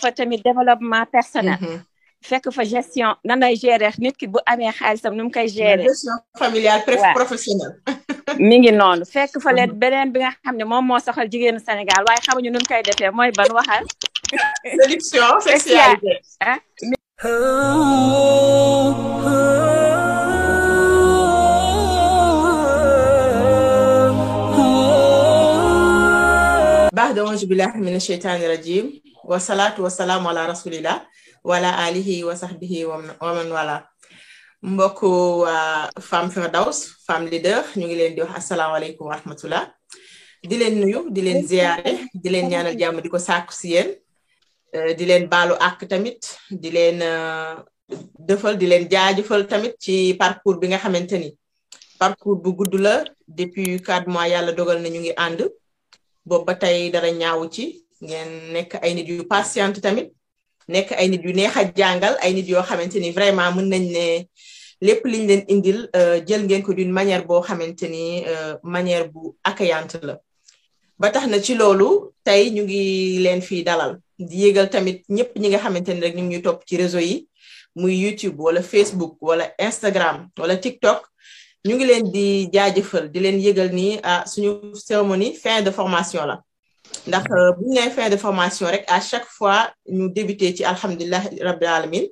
fa tamit développement personnel. Mm-hmm. fekk fa gestion nan lay nit ki bu amee xaalisam nu koy gérer. gestion mi ngi noonu fekk fa leen mm-hmm. beneen bi nga xam ne moom moo soxal jigéenu Sénégal waaye xamuñu nu mu koy defee mooy ban waxal. séduction sexualité. baax da auzu billaahi mina sheytaani rajiim wasalaatu wasalaamu ala rasulillah wala alihi wa sahbihi wa man wala mbokk waa Femme Firdaws femme leader ñu ngi leen di wax asalaamaaleykum wa rahmatullah di leen nuyu di leen ziyaare di leen ñaanal jàmm di ko sàkku si yéen eh, di leen baalu àq tamit di leen eh, defal di leen jaajëfal tamit ci parcours bi nga xamante ni parcours bu gudd la depuis quatre mois yàlla dogal na ñu ngi ànd boobu ba tey dara ñaawu ci ngeen nekk ay nit yu patiente tamit nekk ay nit yu neex a jàngal ay nit yoo xamante ni vraiment mën nañ ne lépp liñ leen indil euh, jël ngeen ko d'une manière boo xamante ni euh, manière bu accueillante la ba tax na ci loolu tey ñu ngi leen fi dalal di yégal tamit ñëpp ñi nga xamante ni rek ñu ngi topp ci réseau yi muy YouTube wala Facebook wala Instagram wala TikTok ñu ngi leen di jaajëfal di leen yégal ni ah suñu cérémonie fin de formation la ndax euh, bu ñu fin de formation rek à chaque fois ñu débuté ci alhamdulilah rabbil alamin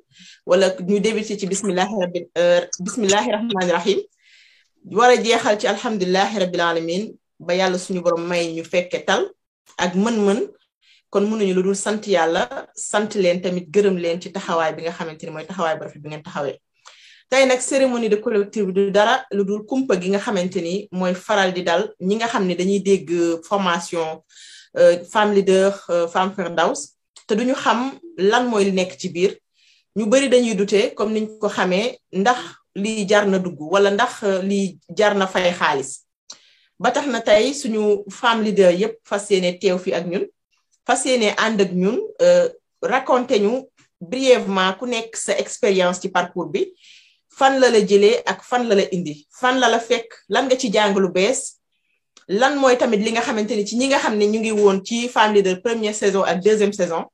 wala ñu débuté ci bismillahi rabbi euh, bismillahi rahmaani rahim war a jeexal ci alhamdulilah rabbil alamin ba yàlla suñu borom may ñu fekke tal ak mën-mën kon mënuñu lu dul sant yàlla sant leen tamit gërëm leen ci taxawaay bi nga xamante ni mooy taxawaay bu rafet bi ngeen taxawee. tey nag cérémonie bi du dara lu dul kumpa gi nga xamante ni mooy faral di dal ñi nga xam ne dañuy dégg formation. Euh, femme leader euh, femme firdaws te duñu xam lan mooy li nekk ci biir ñu bari dañuy dute comme niñ ko xamee ndax lii jar na dugg wala ndax euh, lii jar na fay xaalis ba tax na tey suñu femme leader yépp fas yéene teew fi ak ñun fas yéene ànd ak ñun raconter ñu brièvement ku nekk sa expérience ci parcours bi fan la la jëlee ak fan lala indi fan la la fekk lan nga ci jàng lu bees lan mooy tamit li nga xamante ni ci ñi nga xam ne ñu ngi woon ci Femme de première saison ak deuxième saison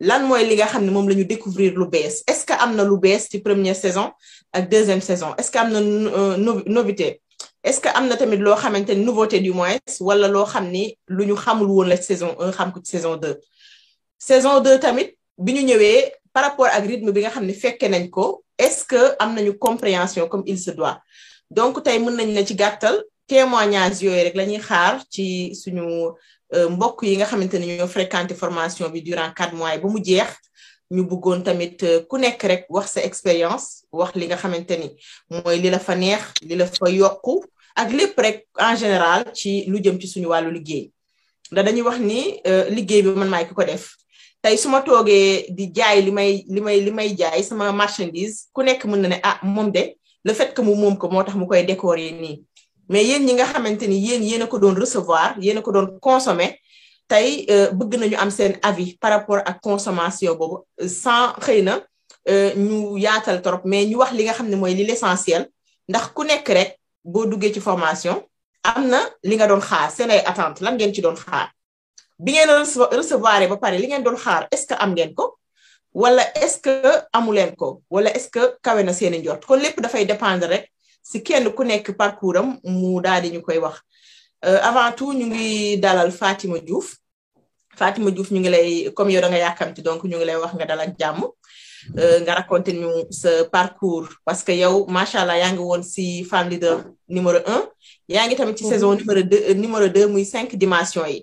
lan mooy li nga xam ne moom la ñu découvrir lu bees est-ce que am na lu bees ci première saison ak deuxième saison est-ce que am na euh, novité ce que am na tamit loo xamante ni nouveauté du moins wala loo xam ni lu ñu xamul woon la saison xam ko ci saison deux saison deux tamit bi ñu ñëwee par rapport ak rythme bi nga xam ne fekke nañ ko est-ce que am nañu compréhension comme il se gàttal mois témoignage yooyu rek lañuy xaar ci suñu euh, mbokk yi nga xamante ne ñoo fréquenté formation bi durant quatre mois ba mu jeex ñu bëggoon tamit euh, ku nekk rek wax sa expérience wax li nga xamante ni mooy li la fa neex li la fa yokku ak lépp rek en général ci lu jëm ci suñu wàllu liggéey da dañuy wax ni euh, liggéey bi man maay ki ko def tey su ma toogee di jaay li may li may li may jaay sama marchandise ku nekk mën na ne ah moom de le fait que mu moom ko moo tax mu koy décorer nii mais yéen ñi nga xamante ni yéen yéen a ko doon recevoir yéen a ko doon consommer tey euh, bëgg nañu am seen avis par rapport ak consommation boobu euh, sans xëy na euh, ñu yaatal trop mais ñu wax li nga xam ne mooy li l'essentiel ndax ku nekk rek boo duggee ci formation am na li nga doon xaar seen ay attentes lan ngeen ci doon xaar bi ngeen recevoir ba pare li ngeen doon xaar est-ce que am ngeen ko wala est-ce que amu ko wala est-ce que kawe na seen i njort kon lépp dafay dépendre rek. si kenn ku nekk parcours am mu daal di ñu koy wax euh, avant tout ñu ngi dalal Fatima Diouf Fatima Diouf ñu ngi lay comme yow da nga yàkkamti donc ñu ngi lay wax nga dalal jàmm euh, nga raconté ñu sa parcours parce que yow macha allah yaa ngi woon si femme leader numéro un yaa ngi tamit ci mm-hmm. saison numéro deux euh, numéro deux muy cinq dimension yi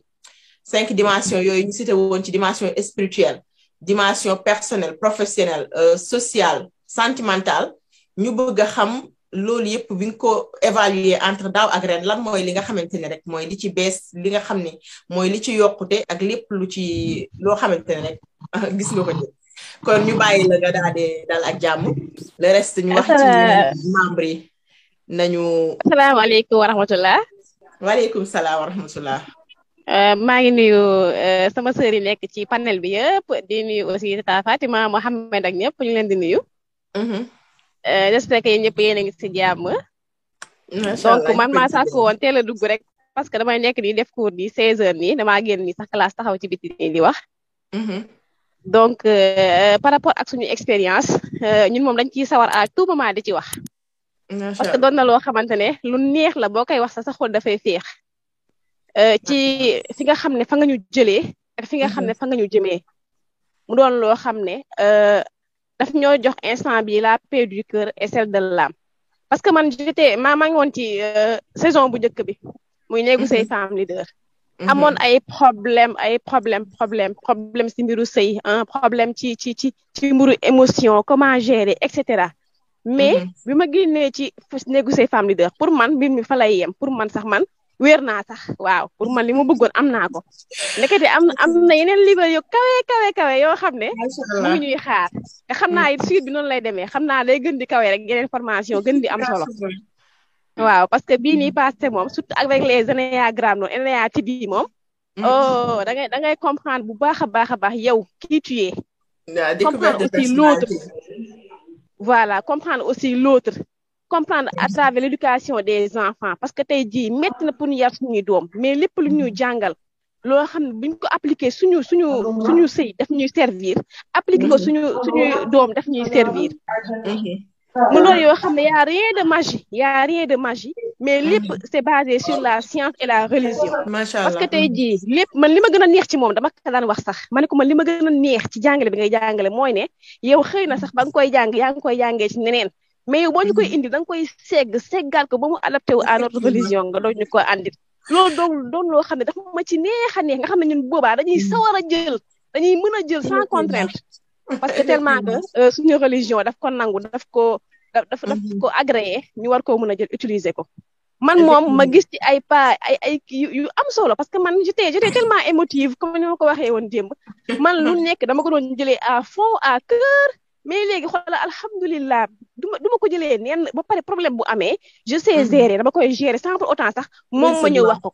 cinq dimensions yooyu ñu cité woon ci dimension spirituelle dimension personnelle professionnelle sociale sentimentale ñu bëgg a loolu yëpp bi nga ko évaluer entre daaw ak ren lan mooy li nga xamante ne rek mooy li ci bees li nga xam ne mooy li ci de ak lépp lu ci loo xamante ne rek gis nga ko ci kon ñu bàyyi la nga daal di dal ak jàmm le reste ñu wax ci membre yi wa rahmatullah euh, maa ngi nuyu euh, sama sœur yi nekk ci panel bi yëpp di nuyu aussi tata Fatima Mohamed ak ñëpp ñu leen di nuyu mm-hmm. Euh, j'espère que yéen ñëpp yéen a ngi si jàmm. donc man maa sàkku woon teel a dugg rek. parce que damay nekk di def cours di 16 heures nii dama génn nii sax classe taxaw ci biti nii di wax. Mm-hmm. donc euh, par rapport ak suñu expérience euh, ñun moom dañ ciy sawar à tout moment di ci wax. parce que doon na loo xamante ne lu neex la boo koy wax sa sa xol dafay feex ci fi nga xam ne fa nga ñu jëlee. fi nga xam ne mm-hmm. fa nga ñu jëmee. mu doon loo xam ne daf ñoo jox instant bi la paix du cœur et celle de l'âme parce que man j'étais maa maa woon ci euh, saison bu njëkk bi muy négocier mhm. femme leader mhm. amoon ay problème ay problème problème problème si mbiru sëy un problème ci ci ci ci mbiru émotion comment gérer et cetera mais mhm. bi ma génnee ci négocier femme leader pour man mbir mi fa lay yem pour man sax man weer naa sax waaw pour man li ma bëggoon am naa ko ndekete am am na yeneen livre yu kawe kawe kawe yoo xam ne mu ngi ñuy xaar te xam naa it mm. suite bi noonu lay demee xam naa day gën di kawe rek yeneen formation gën di am solo waaw parce que bii nii mm. passé moom surtout avec les ennéagrammes noonu ennéatype yi moom mm. oh da ngay da ngay comprendre bu baax a baax a baax yow qui tu es comprendre aussi l'autre voilà comprendre aussi l'autre comprendre à travers l' éducation des enfants parce que tey jii métti na pour ñu yar suñuy doom mais lépp lu ñu jàngal loo xam ne bu ñu ko appliqué suñu suñu suñu sëy daf ñuy servir appliqué ko suñu suñuy doom daf ñuy servir mhm. mu loolu yoo xam ne y' rien de magie y' a rien de magie mais lépp mhm. c' est basé sur la science et la religion. macha allah parce que tey jii lépp man li ma gën a neex ci moom dama ko daan wax sax ma ne ko man li ma gën a neex ci jàngale bi ngay jàngale mooy ne yow xëy na sax ba nga koy jàng yaa ngi koy jàngee ci neneen mais boo ñu koy mm-hmm. indi da nga koy segg seggaat ko ba mu adapté wu à notre mm-hmm. religion nga doon ñu ko andit loolu doon doon loo xam ne dafa ma ci neex a neex nga xam ne ñun boobaa dañuy mm-hmm. sawar a jël dañuy mën a jël sans contrainte parce que tellement que euh, suñu religion daf ko nangu daf ko daf daf ko agréé ñu war koo mën a jël utiliser ko man moom ma gis ci ay pas ay ay yu am solo parce que man j'étais j'étais tellement émotive comme ni ma ko waxee woon démb man lu nekk dama ko doon jëlee à fond mais léegi xoolal alhamdulilah du ma du ma ko jëlee neen ba pare problème bu amee je sais mhm. gérer dama koy gérer sans pour sax moom ma ñëw wax ko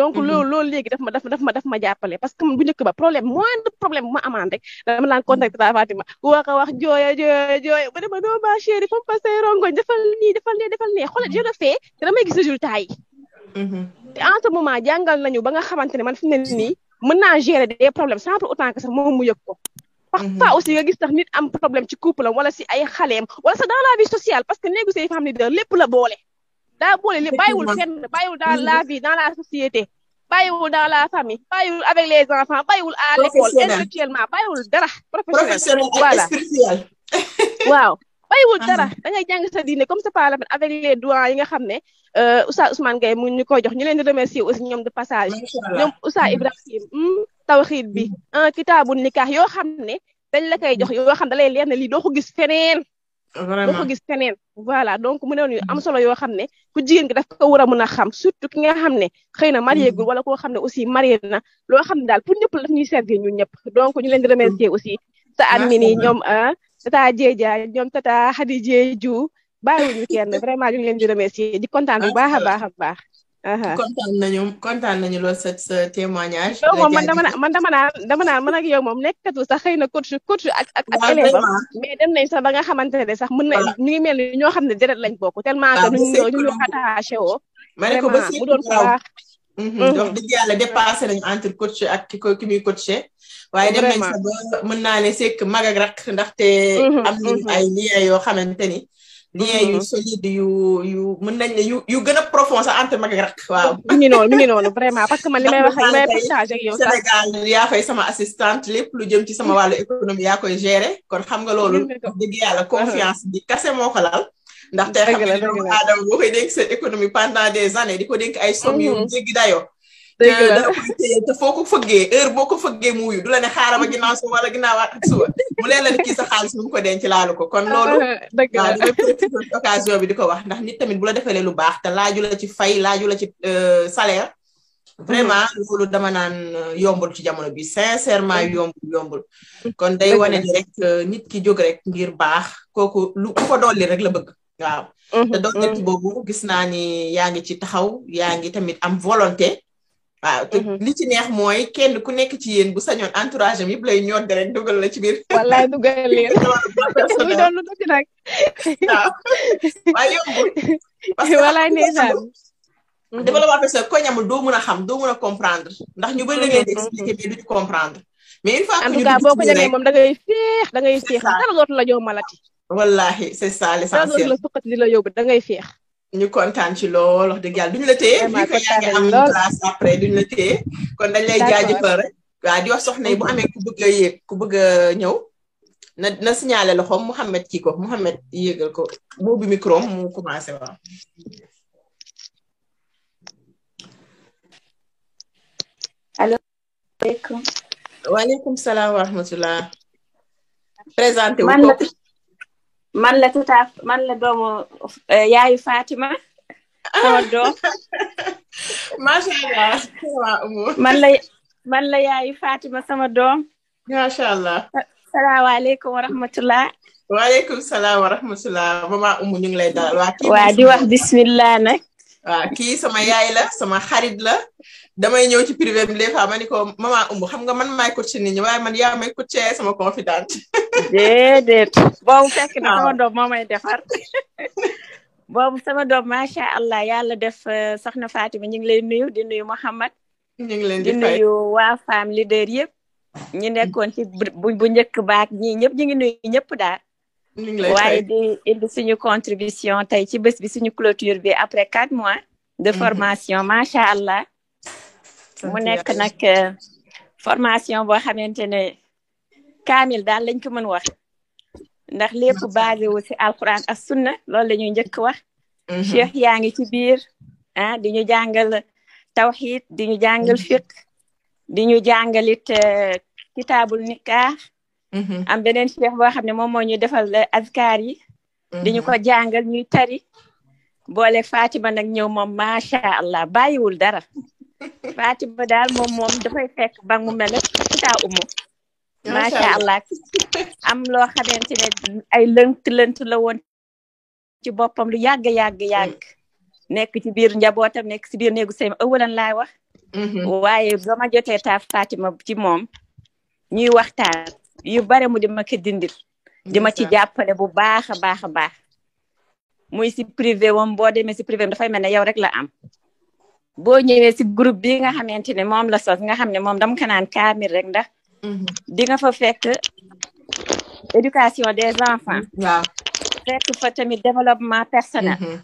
donc mhm. loolu loolu léegi daf ma daf ma daf ma jàppale parce que bu njëkk ba problème moindre problème bu ma amaan rek dama laan contacté la mhm. Fatima wax a wax jooya jooya jooya ba dama doo ma chéri fam passé rongoñ defal nii defal defal nee xoolal je le gis résultat yi te en ce jàngal nañu ba nga xamante ne man fi mu ne nii mën naa gérer des problèmes sans pour autant que sax moom mu yëg ko parfois mhm. aussi nga gis tax nit am problème ci couple am wala si ay xaleem wala sax dans la vie sociale parce que néegu femme leader lépp la boole daa boole lépp bàyyiwul fenn bàyyiwul dans mhm. la vie dans la société bàyyiwul dans la famille bàyyiwul avec les enfants bàyyiwul à l'école intellectuellement bàyyiwul dara professionnel voilà waaw bàyyiwul ah. dara da ngay jàng sa diine comme sa parlement avec les doigts yi nga xam ne euh, Oustaz Ousmane Gueye mu ñu koy jox ñu leen di remercier aussi ñoom de tawxiid bi un kitaabu nikaax yoo xam ne dañ la koy jox yoo xam ne da lay leer ne lii doo ko gis feneen. vraiment doo ko gis feneen. voilà donc mu ne ñu am solo yoo xam ne ku jigéen gi daf ko war a mën a xam surtout ki nga xam ne xëy na marié gul mm-hmm. wala koo xam ne aussi marié na loo xam ne daal pour ñëpp daf ñuy servir ñun ñëpp donc ñu leen di remercier mm-hmm. aussi. sa admini ah, ñoom tata Jéja ñoom ta tata Xadi Jéju bàyyiwuñu kenn vraiment ñu ngi leen di remercier di kontaan bu baax a baax a baax. kontaan nañu kontaan nañu lool sa sa témoignage. yow man dama naan man dama naan dama naan man ak yow moom nekkatu sax xëy na coach coach ak ak mais dem nañ sax ba nga xamante ne sax mën na ñu ngi mel ni ñoo xam ne deret lañ bokk tellement que ñu ñu ñu attaché woo. ma ne ko ba bu doon baax. Mm-hmm. Mm-hmm. donc dëgg yàlla dépassé nañu entre ak ki ko ki muy coaché. waaye dem nañ sax ba mën naa ne sekk mag ak ndax te mm-hmm, am nañu ay liens yoo xamante ni. lien mm-hmm. yu solide yu yu mën nañ ne yu yu gën a profond sax entre mag ak rak waaw mi ngi noonu mi vraiment parce que man li may wax li Sénégal yaa fay sama assistante lépp lu jëm ci sama mm-hmm. wàllu économie yaa koy gérer kon xam nga loolu mm-hmm. dëgg yàlla uh-huh. confiance bi kase moo ko laal ndaxte xam nga doomu aadama boo économie pendant des années di ko dénk ay somme yu jéggi dayoo te foo ko fëggee heure boo ko fëggee mu du la ne xaaral ma ginnaaw suba wala ginnaawaat ak suba mu leen la ne kii sa xaalis mu ko denc laalu ko kon loolu. dëgg bi di ko wax ndax nit tamit bu la defalee lu baax te laaju la ci fay laaju la ci euh, salaire. vraiment hmm. loolu dama naan euh, yombul ci jamono bi sincèrement hmm. yombul yombul. kon day wane ni rek euh, nit ki jóg rek ngir baax kooku lu ku ko rek la bëgg. waaw hmm. te dooleel ci boobu gis naa ni yaa ngi ci taxaw yaa ngi tamit am volonté. waaw mhm. li ci neex mooy kenn ku nekk ci yéen bu sañoon entourage am yëpp lay ñoon rek dugal la ci biir. wallaay dugal leen muy doon lu tuuti nag. waaw waaye yombul. parce que wallaay ndeysaan. Mhm. développement personnel ko ñamul doo mën a xam doo mën a comprendre ndax ñu bëri la ngeen mhm. expliquer mais duñu comprendre. mais une fois que ñu en boo ko ñamee moom da ngay dangay da ngay féex dara dootu la ñëw malati. wallaahi c'est ça l'essentiel dara dootu la suqati di la yóbbu da ngay féex. ñu kontaan ci lool wax dëgg yàlla duñu la téye ñu ko a ngi am après duñu la téye kon dañ lay jaajëfal rek waaw di wax soxna yi bu amee ku bëgg a yéeg ku bëgg a ñëw na na signalé loxoom Mouhamed kii ko Mouhamed yéegal ko moo bi micro mu commencé waaw allo waaleykum salaam wa rahmatulah présenté wu man la tuta man la doomu eh, yaayu Fatima. sama doom. macha allah. man la man la yaayu sama doom. macha allah. salaamaaleykum wa rahmatulah. waaleykum salaam wa rahmatulah ma Umu ñu ngi lay dalal waa. waa di wax bismillah nag. waa kii sama yaay la sama xarit la. damay ñëw ci privé bi des fois ma ni ko xam nga man maay coach nit ñi waaye man yaa may coach sama confidente. déedéet boobu fekk na sama doom moo may defar boobu sama doom macha allah yàlla def eh, soxna Fatima ñu ngi lay nuyu di nuyu Mouhamad di nuyu waa femme leader yëpp ñi nekkoon ci bu bu njëkk baak ñii ñëpp ñu ngi nuyu ñëpp daal waaye di indi suñu contribution tey ci bés bi suñu clôture bi après quatre mois de mhm. formation macha allah mu nekk nag eh, formation boo xamante ne kaamil daal lañ ko mën wax ndax lépp basé wu alquran ak sunna loolu la ñuy njëkk wax mhm. cheikh yaa ngi ci biir ah di ñu jàngal tawxid di ñu jàngal mhm. fiq di ñu jàngalit eh, kitaabul nika mhm. am beneen cheikh boo xam ne moom moo ñuy defal eh, azkar yi di ñu ko jàngal ñuy tari boole Fatima nag ñëw moom macha allah bàyyiwul dara Fatima daal moom moom dafay fekk ba mu mel ne taa umu macha allah am loo xamante ay lënt lënt la woon ci boppam lu yàgg yàgg yàgg. nekk ci biir njabootam nekk ci biir néegu sëyam ëwalan laay wax. Mm-hmm. waaye ba ma jotee ta ma ci moom. ñuy waxtaan yu bare mu di ma ko dindil. di ci jàppale bu baax a baax a baax. muy si privé wam boo demee si privé am dafay mel ne yow rek la am. boo ñëwee si groupe bi nga xamante ne moom la sos nga xam ne moom dam ka naan kaamil rek ndax. di nga fa fekk éducation des enfants. waaw fekk fa tamit développement personnel. Mhm.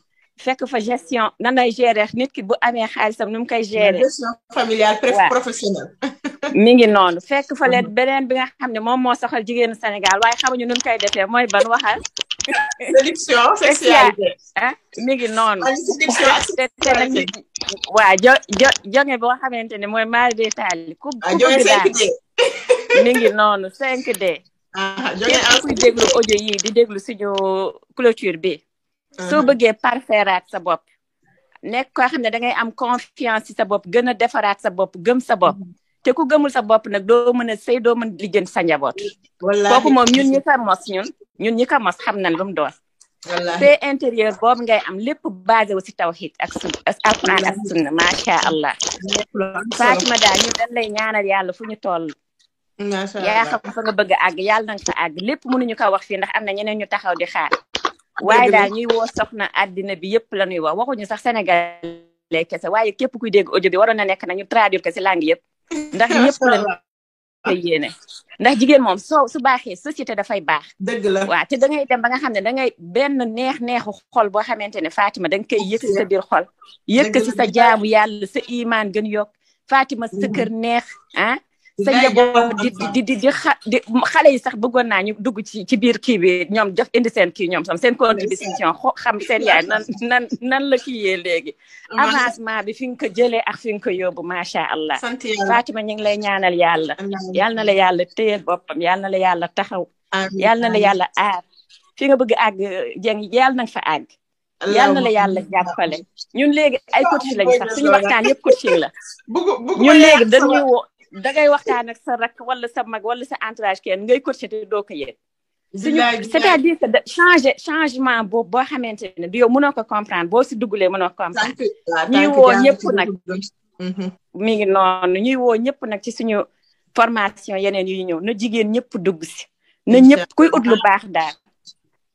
fekk fa gestion nan lay gérer nit ki bu amee xaalisam nu mu koy gérer. gestion familiale presque professionnelle. mi ngi noonu fekk fa leen beneen bi nga xam ne moom moo soxal jigéenu Sénégal waaye ñu nun koy defee mooy ban waxal. séduction sexualité ah mi ngi noonu. waa jo jo xamante ne mooy mari de taali ku ah, bëgg daal mi ngi noonu 5D. ah jonge kuy déglu audio yi di déglu suñu clôture bi. soo uh-huh. bëggee parfairaat sa bopp. nekk koo xam ne da ngay am confiance ci sa bopp gën a defaraat sa bopp gëm sa bopp. Uh-huh. te ku gëmul sa bopp nag doo mën a sëy doo mën liggéey sa njaboot kooku moom ñun ñi ko mos ñun ñun ñi ko mos xam nañ lu mu doon te intérieur boobu ngay am lépp basé wu si tawhid ak sun alquran ak sunna macha allah Fatima daal ñun dañ lay ñaanal yàlla fu ñu toll yaa xam fa nga bëgg a àgg yàlla na nga fa lép lépp mënuñu ko wax fii ndax am na ñeneen ñu taxaw di xaar waaye daal ñuy woo na àddina bi yëpp la ñuy wax waxuñu sax sénégalais kese waaye képp kuy dégg audio bi waroon na nekk na ñu traduire ko si langue yëpp ndax ñëpp la koy yéene ndax jigéen moom soo su baaxee société dafay baax dëgg la waaw te da ngay dem ba nga xam ne da ngay benn neex neexu xol boo xamante ne Fatima da nga koy yëkk sa biir xol yëkk si sa jaamu yàlla sa imaan gën yokk Fatima sa mm-hmm. kër neex ah sa njaboot di di di xale yi sax bëggoon naa ñu dugg ci ci biir kii bi ñoom jox indi seen kii ñoom sam seen contribution xam seen yaay nan nan nan la kii yee léegi avancement bi fi nga ko jëlee ak fi nga ko yóbbu macha allah Fatima ñu ngi lay ñaanal yàlla yàlla na la yàlla téyel boppam yàlla la yàlla taxaw yàlla na la yàlla aar fi nga bëgg àgg jeng yàlla na fa àgg yàlla la yàlla jàppale ñun léegi ay coaching lañ sax suñu waxtaan yëpp coaching la ñun léegi dañuy dangay waxtaan ak sa rakk wala sa mag wala sa entrage kenn ngay corcheté doo ko yëg suñu c'est-à-dire que changement boobu boo xamante ne du yow mënoo ko comprendre boo si dugalee mënoo ko comprendre ah, ñuy woo ñëpp nag mhm. mi ngi noonu ñuy woo ñëpp nag ci suñu formation yeneen yu ñëw na jigéen ñëpp dugg si na ñëpp kuy ut lu baax daal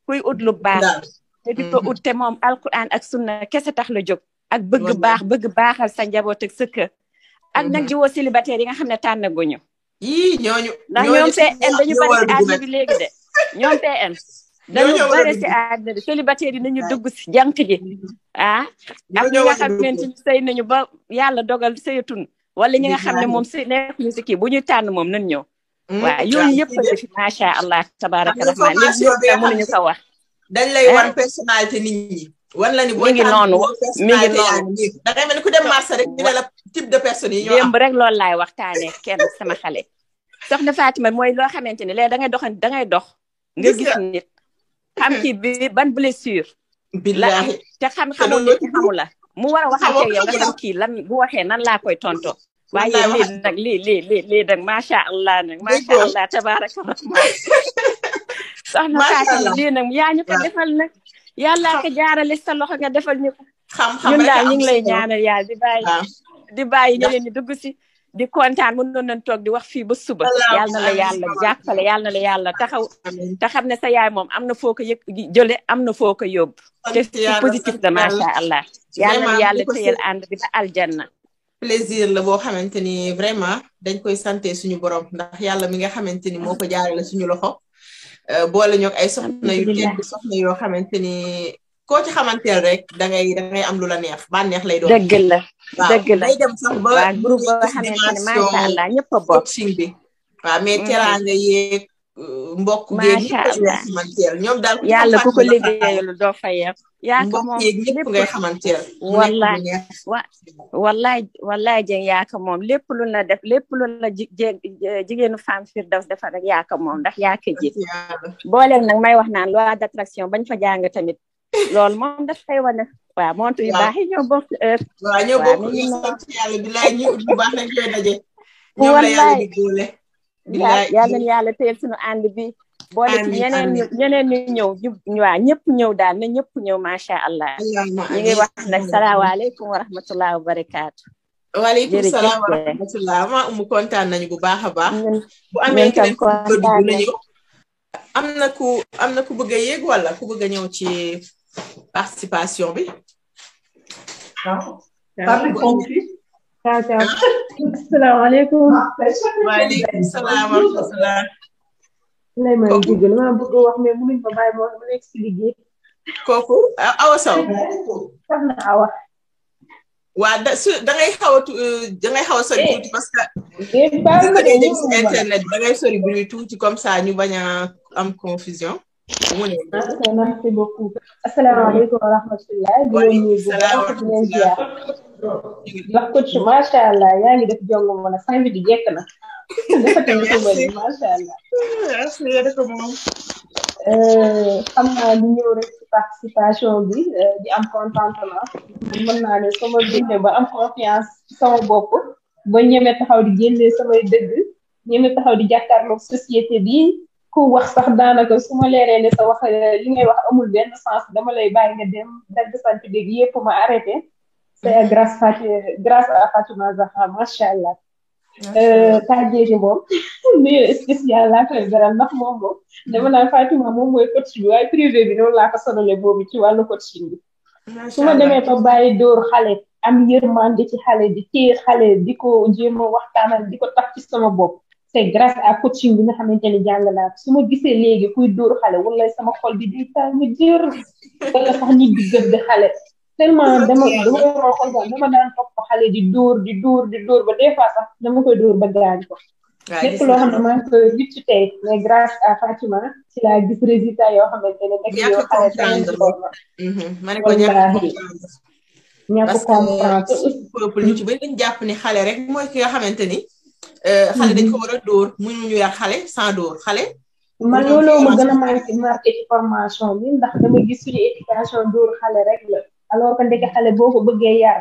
kuy ut lu baax te di ko mhm. ut te moom alquran ak sunna kese tax la jóg ak bëgg baax bëgg baaxal sa njaboot ak sa kër ak nag di woo célibataire yi nga xam ne tànnaguñu. yii ñooñu. ndax ñoom PN dañu bari si àdduna bi léegi de ñoom PN. dañu bari si àdduna bi célibataire yi si jànq ji. ah, ah. ak ñi nga xam ne sëy nañu ba yàlla dogal sëyatun wala ñu nga xam ne moom sëy nekkuñu si kii bu ñuy tànn moom nan ñëw. Hmm. waaw yooyu yëpp a fi macha allah tabaraka rahman léegi mënuñu ko wax. dañ lay war eh? personnalité nit ñi. wan la ni boo mi ngi noonu mi ngi noonu da ngay mel ni ku dem loolu laay waxtaanee kenn sama xale soxna ma mooy loo xamante ne léegi da ngay da ngay dox nga gis nit xam ci bi ban blessure billahi te xam xamul nit ki la mu war waxee nan laa koy tonto waaye lii nag lii lii lii lii allah nag macha allah tabaraka rahman nag yaa ñu ko defal nag yàlla ko jaarale sa loxo nga defal ñu ko. xam-xam ñun daal ñu ngi lay ñaanal yàlla di bàyyi. di bàyyi ñeneen ñi dugg si. di kontaan mënoon nañ toog di wax fii ba suba. yàlla na la yàlla ta yàlla na la yàlla taxaw. te xam ne sa yaay moom am na foo ko yëg jële am na foo ko yóbbu. te si positif la macha allah. yàlla na yàlla téyel ànd bi ba aljanna. plaisir la boo xamante ni vraiment dañ koy santé suñu borom ndax yàlla mi nga xamante ni moo ko jaarale suñu loxo. Eh, boole ñoog ay soxna yu kenn soxna yoo xamante ni koo ci xamanteel rek da ngay da ngay am lu la neex bànneex lay doon. dëgg la dëgg la day dem sax ba. waaw groupe boo xamante ñëpp a bokk coaching bi. waaw mais mm. teraanga yeeg mbokk geeg ñëpp ngay xamanteel ñoom daal yàlla ku ko liggéeyal doo fayeer yaa ko moom ñëpp ngay xamanteel wallaay wallaay wallaay jëng yaa ko moom lépp lu la def lépp lu la jigéenu femme Firdaws defar rek yaa ko moom ndax yaa ko ji booleen nag may wax naan loi d'attraction bañ fa jàng tamit loolu moom dafay wane waaw montu yu baax yi ñoo bokk heure waaw ñoo bokk ñu ñoom la yàlla yàlla na yàlla teel suñu ànd bi boole ci ñeneen ñeneen ñëw ñu ñëpp ñëw daal na ñëpp ñëw macha allah ñu ngi wax nag salaamaaleykum wa rahmatullah wa barakaatu waaleykum salaam wa kontaan nañu bu baax a baax bu amee keneen bëgg na ku am na ku bëgg a yéeg wala ku bëgg a ñëw ci participation bi waaw waaw asalaamaaleykum. waa da su da xaw a uh, da xaw a sori tuuti parce que. parce que dañuy si internet da ngay sori bu comme ça ñu bañ am confusion. mu ne. merci beaucoup. asalaamaaleykum wa rahmatulah. ndax coach macha allah yaa ngi def jongo moom nag fin bi di jekk na dafa tënk ko bëri naa ñu ñëw rek bi eh, di am contentement mën naa ne sama dundee ba am confiance sama bopp ba ñeme taxaw di génnee samay dëgg ñeme taxaw di jàkkaarloog société bi ku wax sax daanaka su ma leeree ne sa wax eh, li ngay wax amul benn sens dama lay bàyyi nga dem dagg sant dégg yëpp ma arrêté. c'est grâce Fatou grâce à Fatouma Zahra macha allah. tàggeeji moom nuyu e spécial laa koy beral ndax moom moom dama naan Fatima moom mooy coaching bi waaye privé bi noonu laa ko sonale boobu ci wàllu coaching bi su ma demee ba bàyyi dóor xale am yërmande ci xale bi téye xale di ko jéem waxtaanal di ko tax ci sama bopp c'est grâce à coaching bi nga xamante ne jàng naa su ma gisee léegi kuy dóor xale wala sama xol bi day taal ma jër wala sax nit di gëdd tellement dama dama yoroo xol ba dama daan topp xale di dóor di dóor di dóor ba des fois sax dama koy dóor ba gaañ ko. waaw lépp loo xam ne maa ngi koy witti tey mais grâce à Fatima ci la gis résultat yoo xamante ne nekk yoo xale mhm. ma ne ko ñàkk ñàkk comprendre peuple ñu ci bëri dañ jàpp ni xale rek mooy ki nga xamante ni euh, xale dañ ko mhm. war a mu mënuñu yar xale sans dóor xale man looloo ma gën a marqué formation bi ndax dama gis suñu éducation dóor xale rek alors que ndeke xale boo ko bëggee yar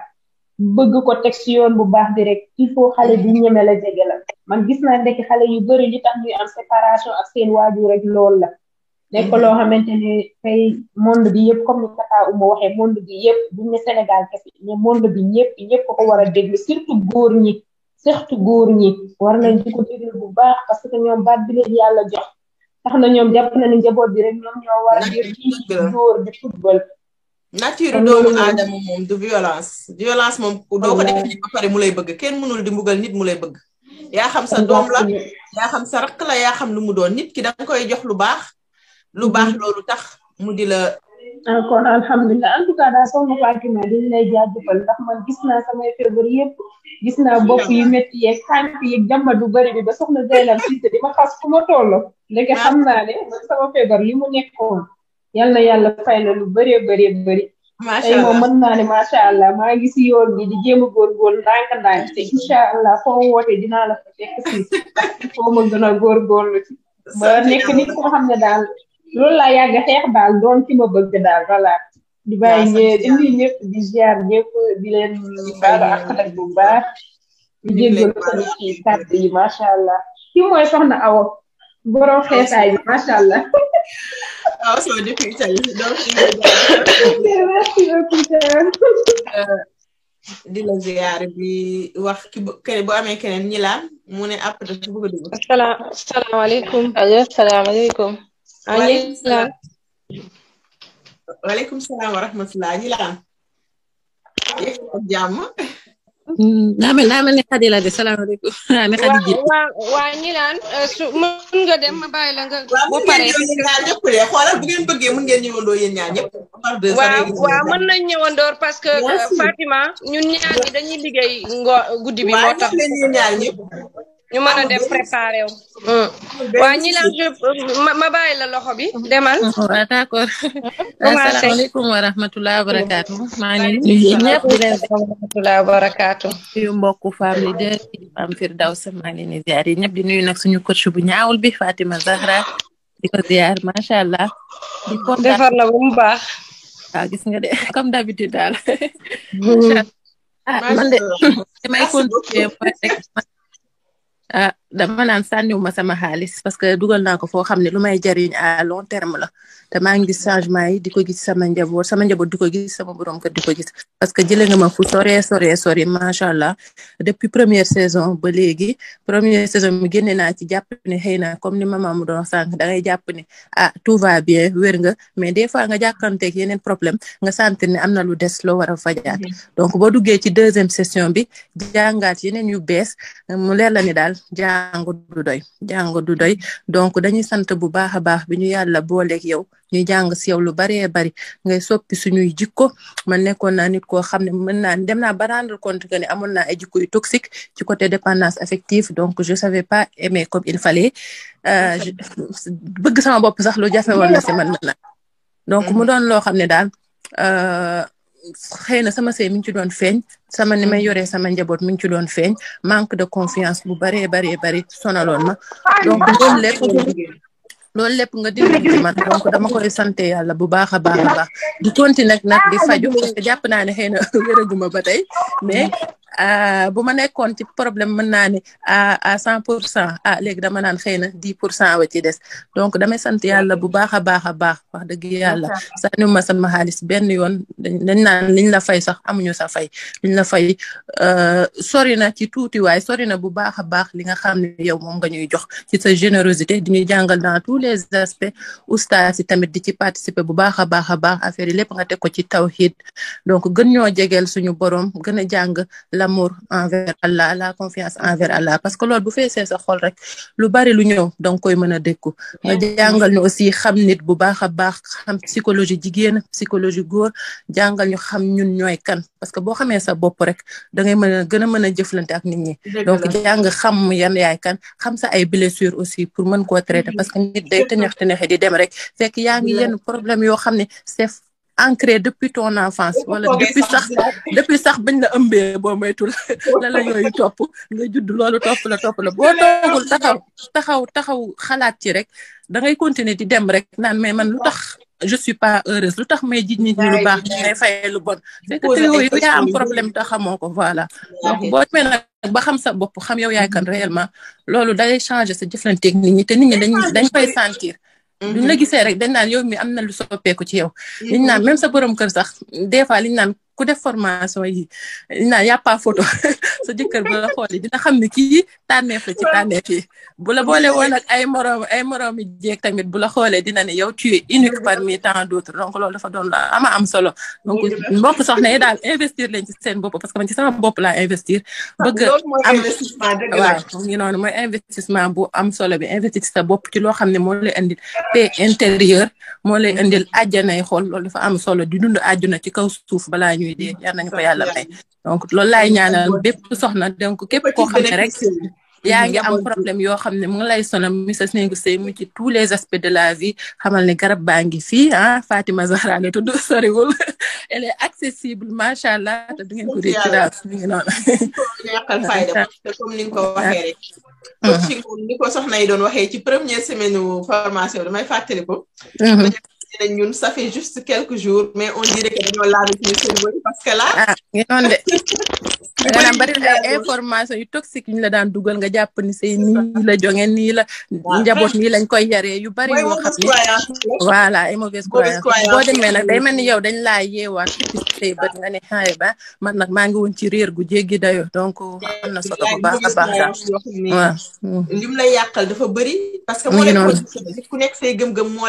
bëgg ko teg ci yoon bu baax di rek il faut xale bi ñeme la jege la man gis naa ndeke xale yu bëri li tax ñuy am séparation ak seen waajur rek lool la nekk loo xamante ne tey monde bi yëpp comme ni Tata Oumou waxee monde bi yëpp buñ ne Sénégal kese mais monde bi ñëpp ñëpp ko ko war a déglu surtout góor ñi surtout góor ñi war nañ di ko déglu bu baax parce que ñoom baat bi leen yàlla jox tax na ñoom jàpp na ni njaboot bi rek ñoom ñoo war nature doomu aadama moom du violence violence moom doo ko def nit ba pare mu lay bëgg kenn mënul di mbugal nit mu lay bëgg yaa xam sa doom la yaa xam sa xam lu mu doon nit ki danga koy jox lu baax lu baax loolu tax mu di la encore alhamdulilah en tout cas daal soxna Fatima gis naa samay feebar yëpp gis naa bopp yu métti yeeg tànk yeeg jàmbat bu bëri bi ba soxna Zeylan Cissé di ma xas fu ma toll léegi xam naa ne sama feebar li mu nekkoon yal na yàlla fay la lu bëree bëree bëri. macha moom mën naa ne macha allah maa ngi si yoon bi di jéem a góorgóorlu ndànk-ndànk te incha allah foo woote dinaa la fa fekk si foo ma gën a góorgóorlu ci. nekk nit koo xam ne daal loolu laa yàgg xeex daal doon ci ma bëgg daal voilà. di bàyyi ñëpp di nuyu di ziar ñëpp di leen baalu ak xarit bu baax. di jégalu tamit ci kàddu yi macha allah. ki mooy na Awa borom xeesaay bi macha allah. also depuis Italie. donc merci beaucoup di la ziare bi wax ki keneen boo amee keneen ñi laan mu ne après dafa bëgg a dugg. asalaamaaleykum. asalaamaaleykum. waaleykum salaam. waaleykum salaam wa rahmatulah ñi laan. yéen ak jàmm. daa mel daa mel ne Xadi la de salaamaaleykum. waaw waaw euh, su mën nga dem ma bàyyi la nga. boo paree waaw mën ngeen ñëw ñëpp xoolal bu ngeen bëggee mën ngeen ñëwandoo yéen ñaar ñëpp. ñëwandoor parce que Fatima ñun ñaar ñi liggéey ngo guddi ñu mën a dem préparé wu. Mm. ma bàyyi la loxo bi demal. waaw d'accord. asalaamaaleykum wa rahmatulah wa barakaatu. maa di wa rahmatulah wa barakaatu. nuyu mbokku femme leader di Femme Firdawsa maa nag suñu coach bu ñaawul bi Fatima Zahra di ko ziar allah. di kontaan bu mu baax. nga de comme d'habitude daal. Mm. Ah, man de damay continuer rek. ah dama naan sànniw ma sama xaalis parce que dugal naa ko foo xam ne lu may jariñ à long terme la te ngi changement di ko gis sama njaboot sama njaboot di ko gis sama borom kër di ko gis parce que jëlee nga ma fu sore sore sore macha allah depuis première saison ba léegi première saison mu génne naa ci japp ne xëy na comme ni maman mu doon sànq da ngay jàpp a ah tout va bien wér nga mais des fois nga jàkkanteeg yeneen problème nga sentir ne am na lu des loo war a fajaat donc boo duggee ci deuxième bi jàngaat yeneen yu bees mu leer la jàng du doy jàng du doy donc dañuy sant bu baax a baax bi ñu yàlla booleeg ñu jàng si yow lu baree bari ngay soppi suñuy jikko man nekkoon naa nit koo xam ne mën naa dem naa ba rendre compte que ne amoon na ay jikko yu toxique ci côté dépendance affective donc je savais pas aimer comme il fallait euh, bëgg sama bopp sax lu jafe woon na si man donc mu mm-hmm. doon loo xam ne daal euh, xëy na sama sëy mi ngi ci feeñ sama ni may mm-hmm. yoree sama njaboot mi ngi ci doon feeñ manque de confiance bu baree baree bari sonaloon ma donc loolu lépp loolu lépp nga dimbali ci man donc dama koy sant yàlla bu baax a baax a baax di continuer nag di faju parce que jàpp naa ne xëy na ba tey mais Euh, bu ma nekkoon ci problème mën naa ne à à cent pour cent ah léegi dama naan xëy na di pour cent wa ci des donc damay sant yàlla bu baax a baax a baax wax dëgg yàlla sànni ma sama xaalis benn yoon dañ naan liñ la fay sax amuñu sa fay liñ la fay euh, sori na ci tuuti waaye sori na bu baax a baax li nga xam ne yow moom nga ñuy jox ci sa générosité di ñu jàngal dans tous les aspects oustaz yi tamit di ci participer bu baax a baax a baax affaire yi lépp nga teg ko ci tawhid donc gën ñoo suñu borom gën a jàng l'amour envers Allah la confiance envers Allah parce que loolu bu feesee sa xol rek lu bari lu ñëw koy mën a dékku nga jàngal ñu aussi xam nit bu baax a baax xam psychologie jigéen psychologie góor jàngal ñu xam ñun ñooy kan parce que boo xamee sa bop rek da ngay mën a gën a mën a jëflante ak nit ñi donc jàng xam yan yaay kan xam sa ay blessure aussi pour mën koo traiter mm-hmm. parce que nit day tëñax tëñaxe di dem rek fekk yaa ngi problème yoo ancré depuis ton enfance wala depuis sax depuis sax bañ la ëmbee boo moytul la la topp nga juddu loolu topp la topp la boo toogul taxaw taxaw taxaw xalaat ci rek da continuer di dem rek naan mais man lu tax je suis pas heureuse lu tax may jiñ ni lu baax ngay fay lu bon c'est que yooyu yaa am problème te xamoo ko voilà donc boo demee nag ba xam sa bopp xam yow yaay kan réellement loolu day changer sa jëflanteeg nit ñi te nit ñi dañ dañ koy sentir duñ mm-hmm. la gisee rek dañ naan yow mi am na lu soppeeku ci yow. Mm-hmm. liñ naan même sa borom kër sax des fois liñ naan ku def formation yi naa y' a pas photo sa jëkkër bu la dina xam ne kii tànneef la ci tànneef yi bu la boole wo ak ay moroom ay moroomi jeeg tamit bu la xoolee dina ne yow tu es unique parmi tant d' autres donc loolu dafa doon la am solo donc mbokk soxna yi daal investir leen ci seen bopp parce que man ci sama bopp laa investir. Ah, bëgg am waaw mu ngi mooy investissement bu am solo bi investir sa bopp ci loo xam ne moo lay indil paix intérieur moo lay indil àjjanay xool loolu dafa am solo di dund àjjuna ci kaw suuf balaa ñu ñuy dee yal nañu ko yàlla may donc loolu laay ñaanal bépp soxna donc képp koo ne rek yaa am problème yoo xam ne mu ngi lay sonal monsieur Seyngu Seye mu ci tous les aspects de la vie xamal ne garab baa ngi fii ah Fatima Zahra la tudd soriwul elle est accessible macha allah te du ngeen ko réccu daal mi ngi noonu. ñàkkal fayda comme ni nga ko waxee rek. Mm-hmm. coaching ni ko soxna yi ne ñun sa fait juste quelques jours mais on dirait que dañoo laal suñu parce que là. ah noonu de. nga bari na ay information yu ñu la daan dugal nga jàpp ni say nii la joŋe nii la. njaboot nii lañ koy yaree yu bari yoo xam ne. voilà ay boo demee nag day mel ni yow dañ laa yeewaat ci bët nga ne xaay ba man nag maa ngi woon ci réer gu jéggi dayoo donc am na solo bu baax a baax daal que moo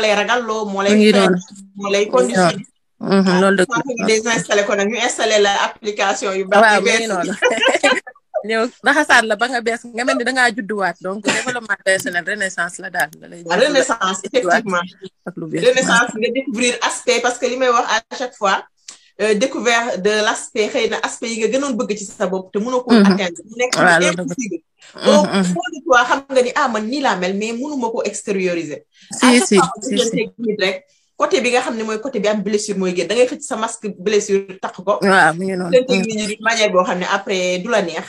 moo lay. lool moo lay conditionné mhm, ah, loolu dëgg la installé la application yu baax waaw muy noonu ñëw la ba nga bees nga mel ne da ngaa judduwaat donc développement personnel renaissance la daal la lay renaissance effectivement renaissance nga découvrir aspect parce que li may wax à chaque fois euh, découvert de l' aspect xëy na aspect yi nga gënoon bëgg ci sa bopp te mënoo ko mhm. atteindre mu nekk impossible donc mhm, ah, laa mel mais mënuma ko extérioriser si si si rek côté bi nga xam ne mooy côté bi am blessure mooy génn da ngay xëcc sa masque blessure takk ko. waaw mu ngi noonu tey jii manière boo xam ne après du la neex.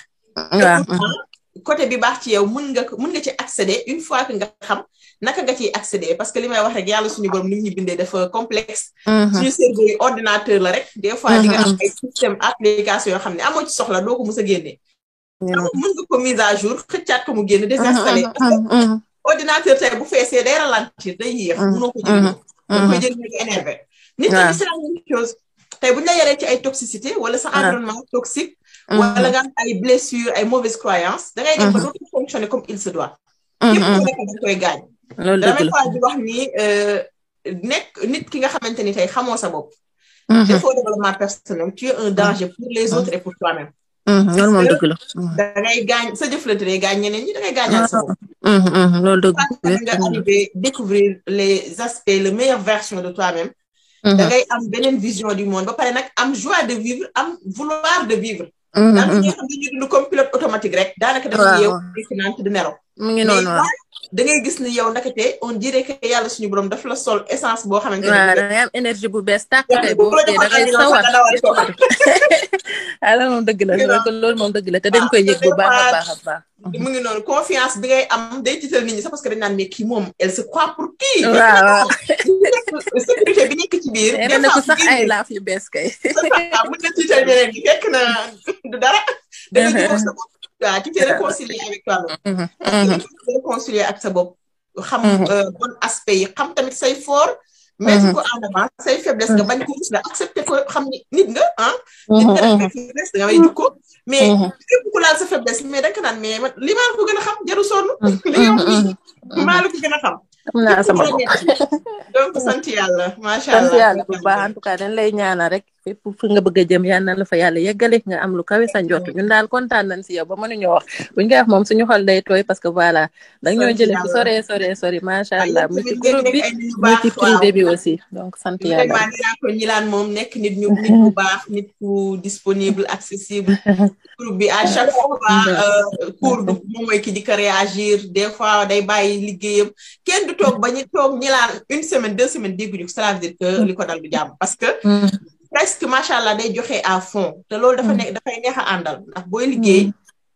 côté bi baax ci yow mun nga mun nga ci accéder une fois nga xam naka nga ciy accéder parce que li may wax rek yàlla suñu borom ni mu ñu bindee dafa complexe. Mhm. suñu ordinateur la rek. des fois di nga am mhm. ay système application yoo xam ne amoo ci soxla doo ko mës a génnee. mun nga ko mise à jour xëccaat ko mu génn. Mhm, désinstallé ordinateur tey bu feesee day ralentir day yéex. munoo dañ koy mhm. jël léegi énervé nit ñi c'est chose tey bu ñu la yaree ci ay toxicité wala sa environnement toxique mhm. wala nga am ay blessures ay mauvaises croyances da ngay ba mhm. dootul fonctionner comme il se doit képp ku nekk dañ koy gaañ damay faral di wax ni euh, nekk nit ki nga xamante ni tey xamoo sa bopp défaut développement personnel tu un danger pour les autres pour toi-même Mm-hmm. loolu moom dëgg la. Mm-hmm. da sa jëflante day gaañ ñeneen ñi da ngay gaañal sa bopp. Mm-hmm. loolu dëgg la nga arrivé découvrir les aspects la meilleure version de toi-même. da ngay am beneen vision du monde ba pare nag am joie de vivre am vouloir de vivre. daanaka ñoo xam comme pilote automatique rek. daanaka dafa yeewu di naan di nelaw. mu ngi noonu da ngay gis ni yow ndakate on dirait que yàlla suñu borom daf la sol essence boo xamante ne. waaw da énergie bu bees tàq tey boo xëyee da ngay sawar ah loolu moom dëgg la dëgg la te dañ koy yëg bu baax a a baax. Mhm. mu ngi noonu confiance bi ngay am day tiital nit ñi sax parce que dañ naan mais kii moom elle se croit pour kii. waaw waaw. sécurité bi nekk ci biir. sax ay laaf yu bees kay. c'est na tiital waaw tu te mm-hmm. mm-hmm. mm-hmm. réconcilier ak sa bopp. xam euh, aspect yi xam tamit say fort. mettre ko en say faiblesse nga bañ ko rus accepter ko xam ni nga ah. nit nga def faiblesse da ngay jukko. mais képp ku laal sa faiblesse mais da nga mais man li maa la ko gën a xam jaru sonn. li yow nii gën a xam. am naa sama bopp donc sant yàlla macha allah sant lay ñaana rek. fépp fu nga bëgg a jëm yal na la fa yàlla yeggale nga am lu kawe sa njort ñun daal kontaan nañ si yow ba mënuñoo wax buñ koy wax moom suñu xol day tooy parce que voilà da jële si sore sore sori macha allah mu ci groupe bi mu ci privé bi aussi donc sant yàlla ko ñilaan moom nekk nit ñu nit bu baax nit ku disponible accessible groupe à chaque fois euh, cours bi moom mooy ki di ko réagir fois day bàyyi liggéeyam kenn du toog ba ñu toog ñilaan une semaine deux semaines dégguñu ko presque macha allah day joxe à fond. te loolu dafa mm. dafay neex a àndal ndax booy liggéey. Mm.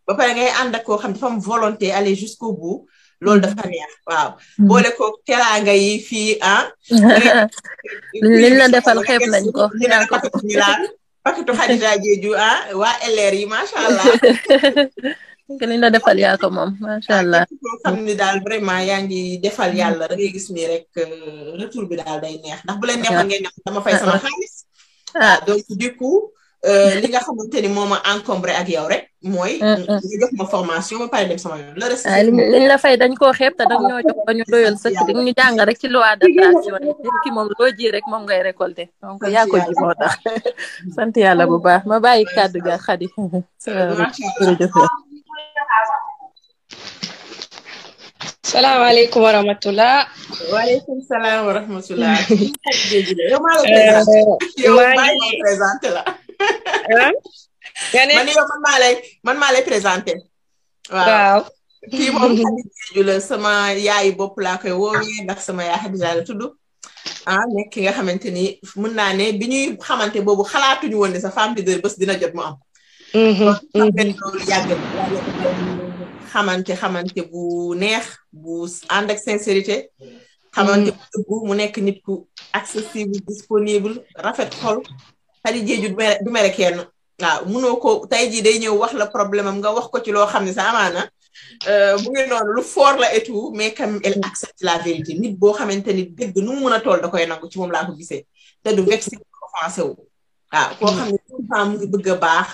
ba pare ngay ànd ak koo xam dafa am volonté aller jusqu'au bout. loolu mm. dafa neex waaw. boole ko teraanga yi fii a ah. liñ la defal xeeb nañ ko xinaa ko paketu Xadija Jeeju ah waa LR yi macha allah. liñ defal yaa ko moom macha allah. koo xam ne vraiment yaa ngi defal yàlla da ngay gis ni rek euh, retour bi daal day neex ndax bu leen neexoon ah donc euh, li nga xamante ni moom a encombré ak yow rek mooy. Ah, ah. nga jox ma formation ba pare dem ah, liñ la fay dañ koo xeeb te dañ ñoo jox ba ñu doyoon sëkk di ñu jàng rek ci loi d'attraction yi ki moom loo ji rek moom ngay récolter donc yaa ko ji moo tax sant yàlla bu baax ma bàyyi kàddu ga Khady. salaamaaleykum wa rahmatulah. waaleykum salaam wa rahmatulah. yow maa la présenté yow maa ngi présenté la. man yow présenté. waaw kii moom Khadija Diédhiou la sama yaayu bopp laa koy woowee ndax sama yaay Khadija la tudd. ah nekk ki nga xamante ni mën naa ne bi ñuy xamante boobu xalaatuñu woon ne sa femme leader bés dina jot mu am. Mm-hmm, mm-hmm. loolu yàgg xamante xamante bu neex bu ànd ak sincérité mm-hmm. xamante bu mu nekk nit ku accessible disponible rafet xol xadi jeeju du mere kenn waaw munoo ko tey jii day ñëw wax la problème am nga wax ko ci loo xam ne sa amaana euh, mu ngi noonu lu foor la et tout mais quand même elle la vérité nit boo xamante ni dëgg nu mu mën a tool da koy nangu ci moom laa ko gisee te du vexé offensé wu waaw koo xam ne tout le mu ngi bëgg baax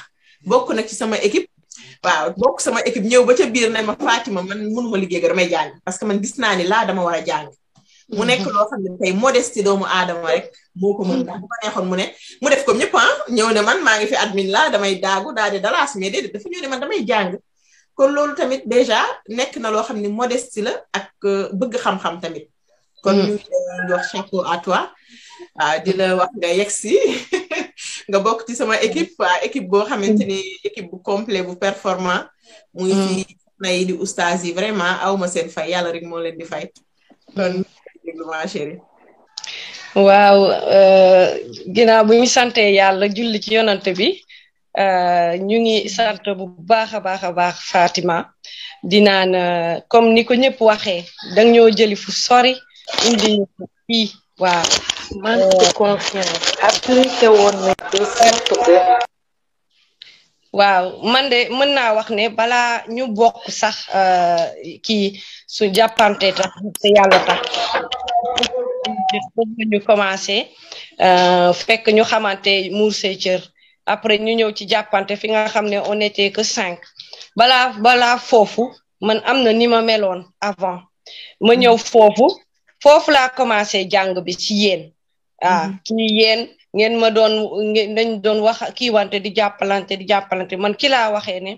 bokk na ci sama équipe waaw bokk sama équipe ñëw ba ca biir ne ma Fatima man mënuma liggéey ga damay jàng parce que man gis ni laa dama war jàng mu nekk loo xam ne tey modestie doomu aadama rek moo ko mën mu ne mu def comme ñëpp ah ñëw ne man maa ngi fi admin laa damay daagu daal di dalaas mais déedéet dafa ñëw ne man damay jàng kon loolu tamit déjà nekk na loo xam ne modestie la ak euh, bëgg xam-xam tamit kon mm. ñu wax chapeau à ah, di la wax nga yegg si nga bokk ci sama équipe mm-hmm. waa équipe boo xamante ni mm-hmm. équipe bu complet bu performant muy ci mm-hmm. na yi vraiment awma seen fay yàlla rek moo leen di fay kon déglu ma chérie euh, bu ñu sante yàlla julli ci yonante bi euh, ñu ngi sant bu baax a baax a baax Fatima dinaan euh, comme ni ko ñëpp waxee dang ñoo jëli fu sori indi ñu fii waaw man de mën naa wax ne balaa ñu bokk sax euh, kii su jàppante tax te yàlla tax ñu commencé euh, fekk ñu xamante muur see après ñu ñëw ci jàppante fi nga xam ne on était que cinq balaa balaa foofu man am na ni ma meloon avant ma ñëw foofu foofu laa commencé jàng bi ci yéen ah mhm. ci yéen ngeen ma doon dañ doon wax kii wante di jàppalante di jàppalante man ki laa waxee ne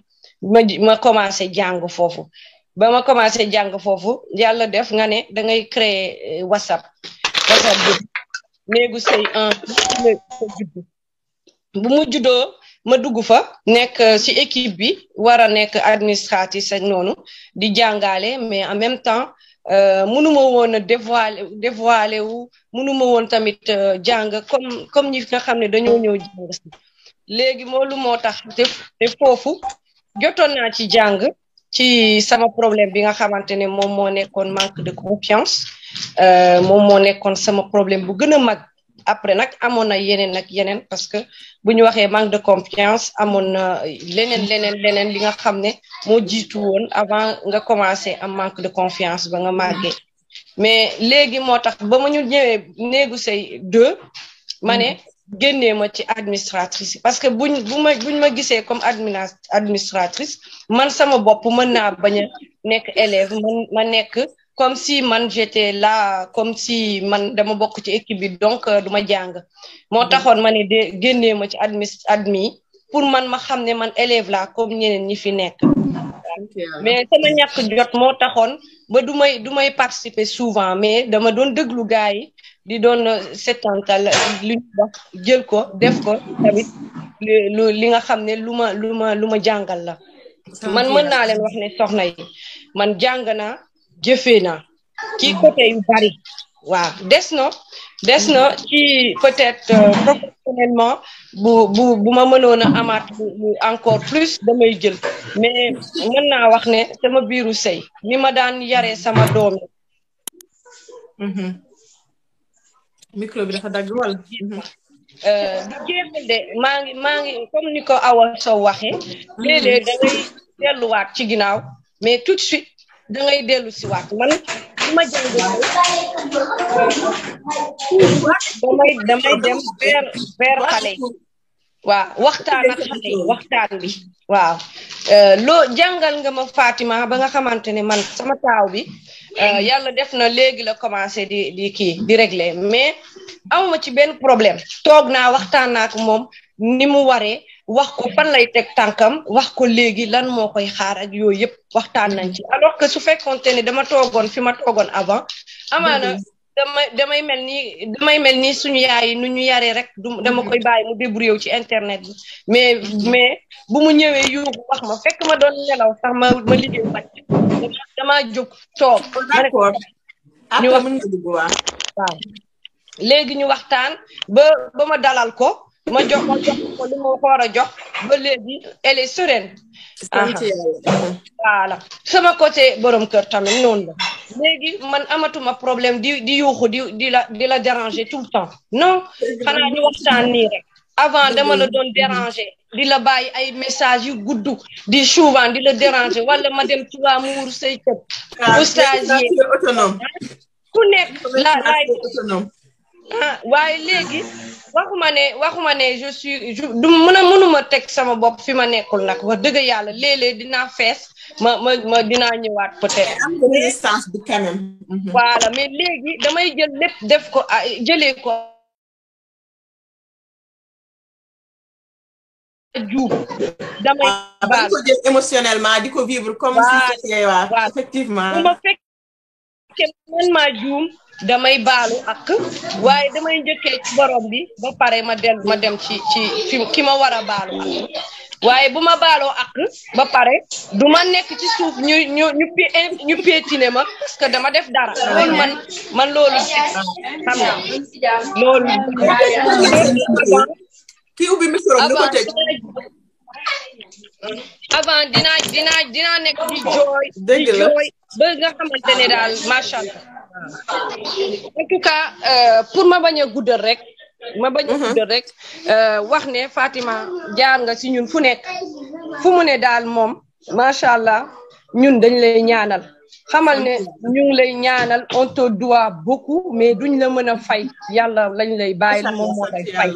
ma ma commencé jàng foofu ba ma commencé jàng foofu yàlla def nga ne da ngay créer eh, whatsapp whatsapp bi néegu sëy un bu mu juddoo ma dugg fa nekk ci eh, équipe bi war a nekk administratif sax noonu di jàngale mais en même temps Euh, mënuma woon a dévoiler dévoiler wu mënuma woon tamit euh, jàng comme comme ñi nga xam ne dañoo ñëw jàng si léegi moo lu moo tax te foofu jotoon naa ci jàng ci sama problème bi nga xamante ne moom moo nekkoon manque de confiance euh, moom moo nekkoon sama problème bu gën a mag après nag amoon na yeneen nag yeneen parce que bu ñu waxee manque de confiance amoon na leneen leneen leneen li nga xam ne moo jiitu avant nga commencé am manque de confiance ba nga màggee mais léegi moo tax ba ma ñu ñëwee néegu say deux ma ne génnee ma ci administratrice parce que buñ bu ma buñ ma gisee comme administratrice man sama bopp mën naa bañ a nekk élève man ma nekk comme si man j'étais là comme si man dama bokk ci équipe bi donc euh, duma ma jàng moo mm-hmm. taxoon ma ne de ma ci admi admi pour man ma xam ne man élève la comme ñeneen ñi fi nekk mais sama ñàkk jot moo taxoon ba du may du may participer souvent mais dama doon déglu gars yi di doon euh, setantal lu jël ko def ko tamit li nga xam ne lu ma lu ma lu ma jàngal la man mën naa leen wax ne man jàng naa jëfee na ci hmm. yu bari waaw des na des na hmm. ci euh, professionnellement bu bu bu ma mënoon a amaat encore plus damay jël mais mën naa wax ne sama biiru sëy ni ma daan yaree sama doom hmm. micro bi dafa dagg euh, de maa ngi maa ngi comme ni ko Awa Sow waxee léeg-léeg da ngay delluwaat ci ginnaaw mais tout de suite dangay ngay dellu si waat man su ma jàngalee damay damay dem vers vers xale yi waaw waxtaan xale yi waxtaan bi waaw euh, loo jàngal nga ma faatiment ba nga xamante ne man sama taaw bi euh, yàlla def na léegi la commencé di di kii di régler mais amuma ci benn problème toog naa waxtaan naa ak moom ni mu waree wax ko fan lay teg tànkam wax ko léegi lan moo koy xaar ak yooyu yëpp waxtaan nañ ci alors que su fekkoonte ne dama toogoon fi ma toogoon avant amaana mm-hmm. damay damay mel ni damay mel ni suñu yaay nu ñu yaree rek du dama koy bàyyi mu yew ci internet bi mais mais bu mu ñëwee yuuxu wax ma fekk ma doon nelaw sax ma ma liggéey wàcc damaa jóg toog oh, léegi ñu waxtaan ba ba ma dalal ko ma jox ma jox ko li a jox ba léegi elle est sereine. Ah. voilà sama côté borom kër tamit noonu la. léegi man amatuma problème di di yuuxu di di la di la déranger tout le temps non xanaa ñu waxtaan nii rek avant dama la doon déranger di la bàyyi ay message yu gudd di souvent di la déranger wala ma dem ci waa muur say kër. ku nekk la laay ah waaye léegi waxuma ne waxuma ne je suis du mun a mënuma teg sama bopp fi ma nekkul nag wax dëgg yàlla léeg-léeg dinaa fees ma ma ma dinaa ñëwaat peut-être. am na distance bi mhm. mais léegi damay jël lépp def ko ah, jëlee ko. juub damay. Ah, baal ko jël émotionnellement di ko vivre comme si. waaw waaw effectivement. bu ma juum. damay baalu ak waaye damay njëkkee ci borom bi ba pare ma del ma dem ci ci fi ki ma war a baalu ak waaye bu ma baaloo ak ba pare du ma nekk ci suuf ñu ñu ñu ñu piétiné ma parce que dama def dara loolu man man loolu xam nga loolu kii bi ko tëj avant dinaa dinaa dinaa nekk ci jooy ba nga xamante ne daal macha allah en tout cas euh, pour ma bañ a guddal rek. ma bañ a mhm. rek rek. Euh, wax ne Fatima jaar nga ci ñun fu nekk fu mu ne daal moom macha allah ñun dañ lay ñaanal. xamal ne ñu lay ñaanal on te doit beaucoup mais duñ la mën a fay yàlla lañ lay bàyyi moom moo lay fay.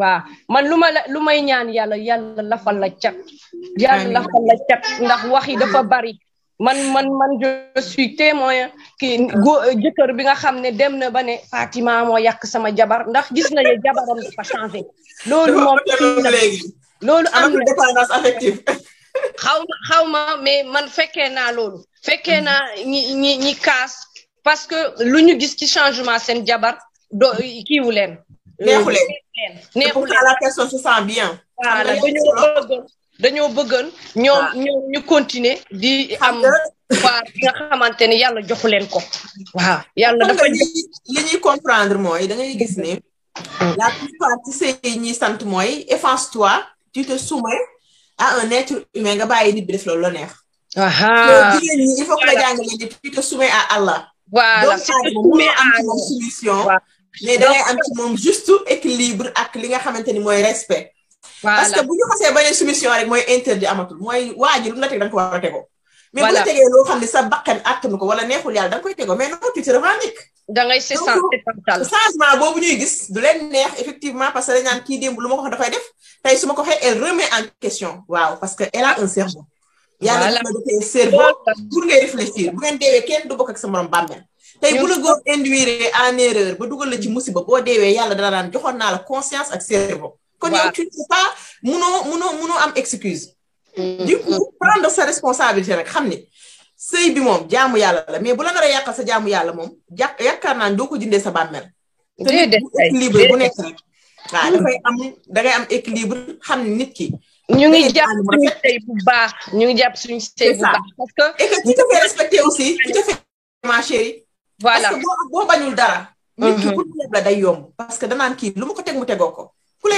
waaw man lu ma la lu may ñaan yàlla yàlla lafal la cat. yàlla lafal la cat ndax wax dafa bari. man man man je suis témoin ki go jëkkër bi nga xam ne dem na ba ne Fatima moo yàq sama jabar ndax gis na ne jabaram dafa changé loolu moom loolu am na dépendance affective xaw ma xaw ma mais man fekkee naa loolu fekkee naa ñi ñi ñi kaas parce que lu ñu gis ci changement seen jabar do kiiwu leen neexu leen neexu leen la personne se sent bien dañoo bëggoon ñoom ah. ñoom ñu continuer di am nga xamante ni yàlla joxu leen ko waaw yàlla dafa li ñuy comprendre mooy da ngay gis ni mm. la plupart ci ñi sant mooy efface-toi tu te soumets à un être humain nga bàyyi nit bi def loolu la neex jigéen il faut que nga jàng leen ni tu te soumets à Allah voilà doomu aadama moom solution mais da am ci moom juste équilibre ak li nga xamante ni mooy respect voilà parce que bu ñu xasee bañ a soumission rek mooy interdit amatul mooy waa ji la teg da nga ko war a tegoo. mais bu la tegee loo xam ne sa bakkan attanu ko koy tegoo mais non tu te que dañ naan kii démb ko wax dafay def tey su ko waxee elle remet en question waaw parce que elle a un cerveau. yàlla na defee cerveau pour ngay réfléchir bu ngeen deewee kenn du bokk ak sa morom bàmmeel. tey bu la góor en erreur ba dugal la ci musiba boo deewee yàlla dana daan joxoon naa la conscience ak cerveau. kon yow tu ne peux pas munoo munoo munoo am excuse. Mm-hmm. du prendre sa responsabilité rek xam ni. sëy bi moom jaamu yàlla la mais bu la nar a yàqal sa jaamu yàlla moom ja yaakaar naa doo ko jëndee sa bàmmeel. déedéet équilibre bu nekk rek. waaw dafay am dangay am équilibre xam nit ki. ñu ngi jàpp suñu bu baax ñu ngi jàpp suñu sëy bu baax. parce que te fais respecter aussi tu te fais ma chérie. voilà boo bañul dara. nit ki ku mm-hmm. la day que danaan kii lu ma ko teg mu tegoo ko. ku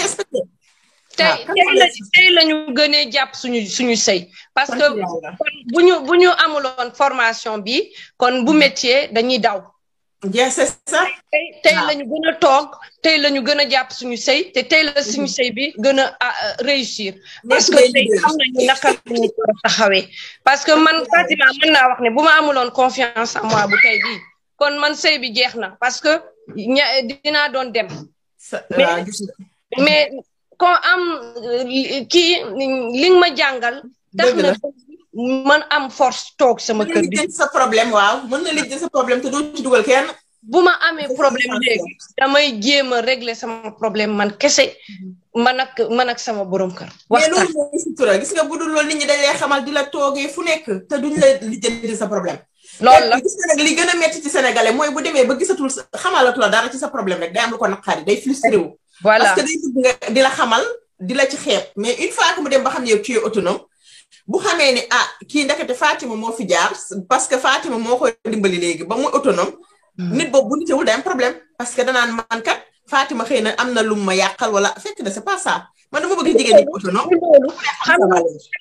tey ah. tey la tey ñu gënee jàpp suñu suñu sëy parce que bu ñu bu amuloon formation bi kon bu mm-hmm. métier dañuy daw. bien c'est tey tey ah. la a toog tey la ñu gën a jàpp suñu sëy te tey la mm-hmm. suñu sëy bi gën a réussir. parce que tey xam taxawee. parce que man Fatima mën naa wax ne bu ma amuloon confiance en bu tey bii kon man sëy bi jeex na parce que ña dinaa doon dem. mais ah, mais ko am euh, kii li nga ma jàngal. tax na man am force toog sama kër gi. sa problème waaw mën na lijjanti sa problème te doo ci dugal kenn. bu ma amee problème léegi damay jéem a régler sama problème man kese man ak man ak sama borom kër. waxtaan mais loolu mooy sutura gis nga bu dul loolu nit ñi dañ lay xamal di la toogee fu nekk te duñ la lijjanti sa problème. lool la gis nga nag li gën a metti ci sénégalais mooy bu demee ba gisatul xamalatu la dara ci sa problème rek day am lu ko naqaari day frustré wu. voilà parce que day xamal di la ci xeeb. mais une fois mu dem ba xam ne yow tu es bu xamee ni ah kii ndekete Fatima moo fi jaar parce que Fatima moo koy dimbali léegi ba muy autonom hmm. nit boobu bu nitewul day am problème. parce que danaan man kat Fatima xëy na am na lu ma yàqal wala fekk na c'est pas ça. man dama bëgg jigéen ñi autonome. xam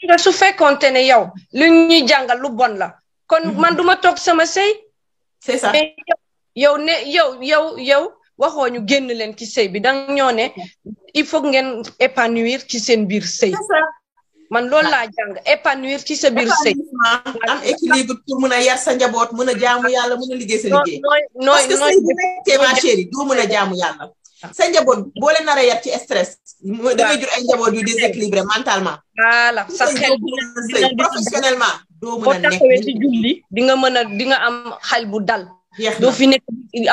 nga su fekkoonte ne yow lu ñuy jàngal lu bon la. kon hmm. man duma toog sama sëy. c'est ça ne yow yow yow. waxoo ñu génn leen ci sëy bi dang ñoo ne il faut ngeen épanouir ci seen biir sëy man loolu laa jàng épanouir ci sa biir sëy am équilibre pour mën a yar sa njaboot mën a jaamu yàlla mën a liggée sa liggéey parce que sëy bi nekkee ma chérie doo mën a jaamu yàlla sa njaboot boole leen yar ci stress dangay jur ay njaboot yu déséquilibré mentalement voilà sa xel dina professionnellement doo mën a nekk boo taxawee ci julli di nga mën a di nga am xal bu dal doo fi nekk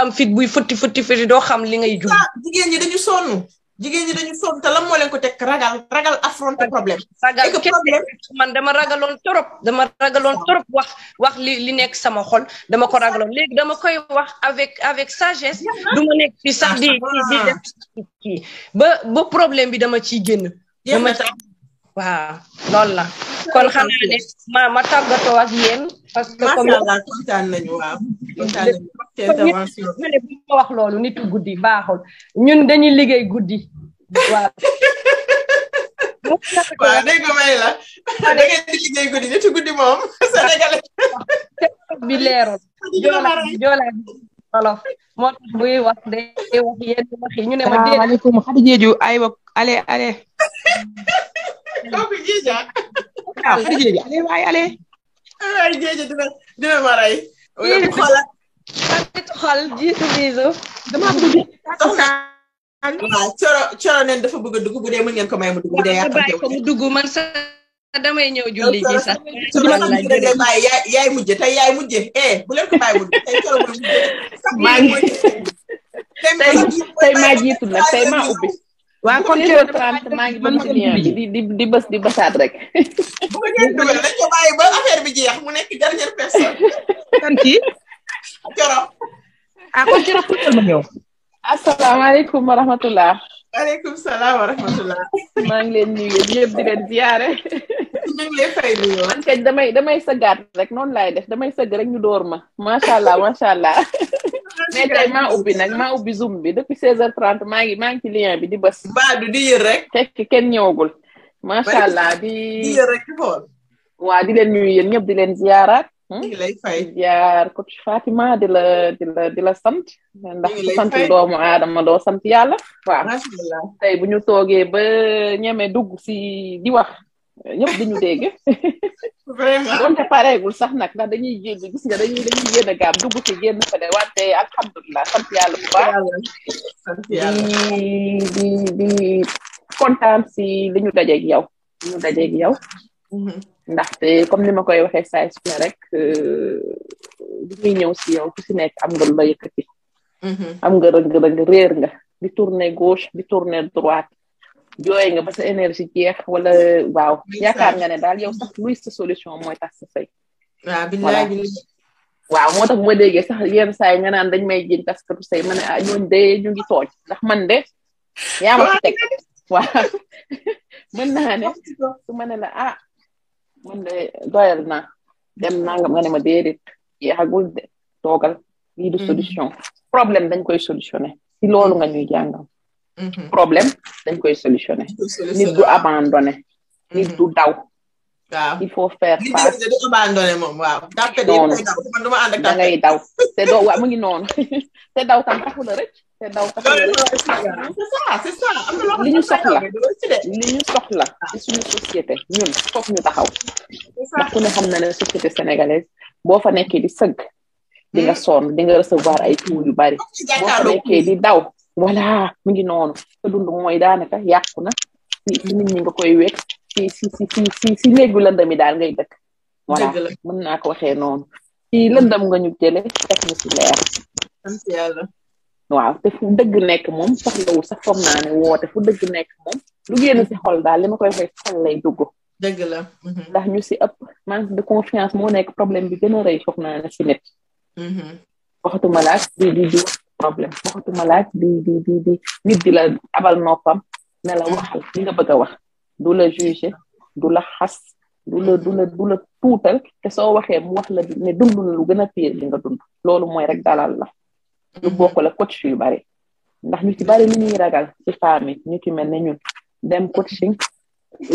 am fit buy fëtti fëtti fëtti doo xam li ngay jur. Ah, jigéen ñi dañu sonn jigéen ñi dañu sonn ta lan moo leen ko teg ragal ragal affronter problème. ragal problème man dama ragaloon trop. dama ragaloon trop wax wax li li nekk sama xol dama ko ragaloon léegi dama koy wax avec avec sagesse. du ma nekk fi sax di di ah, def kii ba ba problème bi dama ciy génn. dama ciy waaw loolu la kon xam ne ma ma tàggatoo ak yéen. parce que comme macha allah kontaan nañu waaw ma wax loolu nitu guddi baaxul ñun dañuy liggéey guddi waaw. waaw dégg nga la da ngeen di liggéey guddi nitu guddi moom sénégalais. bi joola joola wolof moo tax buy wax day wax yenn wax yi ñu ne ma. waaw maaleykum Khady Diédhiou aywa allez allez. kooku ah, ah, jiija. waaw xar jiija allez waay allez. waay jiija dina dina ma rey. xoolal xool jiitu coro coro neen dafa bëgg a dugg bu dee mën ngeen ko may mu dugg bu dee yàq bàyyi ko mu dugg man sax damay ñëw julli ji sax. bàyyi yaay mujje tey yaay mujje eh bu leen ko bàyyi mu dugg tey coro mooy mujje. maa ngi tey maa jiitu ubbi. waa kon maa ngi bëgg ci lien bi di di bës di bësaat rek. bu mu nekk dernière personne. kan kii. Coro. ah kon Coro ma ñëw. asalaamaaleykum salaam wa maa ngi leen nuyu ñëpp ñu ngi lay fay nuyoo. damay sëggaat rek noonu laay def damay sëgg rek ñu door ma macha allah macha allah. mais ubbi nag maa ubbi zoom bi depuis 16h30 maa ngi maa ngi ci lien bi di bës. Badou di yër rek. fekk kenn ñëwagul. macha allah di di yër rek xool. waa di leen nuyu ñëpp di leen ziaraat. di lay Fatima di la di la sant. ndax sant doomu aadama doo sant yàlla. waaw tey bu ñu toogee ba ñeme dugg si di wax. ñëpp di ñu dégg. vraiment donte pareegul sax nag ndax dañuy génn gis nga dañuy dañuy dugg ci génn fële wante alhamdulilah sant yàlla bu baax. di di di kontaan si li ñu dajeeg yow. li ñu dajeeg yow. Mhm. ndaxte comme ni ma koy waxee saa su rek euh, li ñuy ñëw si yow ku si nekk am nga lu la yëkkati. Mhm. am nga rëng rëng réer nga di tourner gauche di tourner droite. jooy nga ba sa énergie jeex wala waaw yaakaar nga ne daal yow sax luy sa solution mooy tax sa sëy waaw billaay billaay waaw moo tax ma déggee sax yenn saa yi nga naan dañ may jiñ taskatu sëy ma ne ah ñooñu de ñu ngi tooñ ndax man de yaa ma ci teg waaw ne su ma ne la ah eh, man de doyal na dem nangam nga ne ma mm. déedéet yeexagul de toogal lii du solution problème dañ koy solutionné si loolu nga ñuy jàngal Mhm. problème dañ koy solutionner. nit du abandonné. Mhm. nit du daw. waaw da ngay daw te doo waaw mu ngi noonu te daw tam taxul a rëcc te daw taxul li ñu soxla li ñu soxla ci suñu société ñun foog ñu taxaw. ndax ne xam na ne société sénégalaise boo fa nekkee di sëgg. di hmm? sonn di nga recevoir ay coups yu bari. boo fa nekkee di daw. voilà mu ngi noonu sa dund mooy daanaka yàqu na si si nit nga koy wekk si si si si si lëndami daal ngay dëkk voilà mën naa ko waxee noonu ci lëndam nga ñu jële teg na si leer te fu dëgg nekk moom soxlawul sax foog naa woote fu dëgg nekk moom lu génn si xol daal li ma koy waxee lay dugg dëgg la mhm. ndax ñu si ëpp manque de confiance moo nekk problème bi gën a rëy foog naa ne si mhm. waxatuma laak di problème waxatuma laaj di di di di nit di la abal noppam ne la waxal li nga bëgg a wax du la jugé du la xas du la du la du la te soo waxee mu wax la ne dund lu gën a pire li nga dund loolu mooy rek dalal la lu mm-hmm. bokk la coach yu bari ndax ñu ci bari li ñuy ragal ci famille ñu ci mel ne ñun dem coaching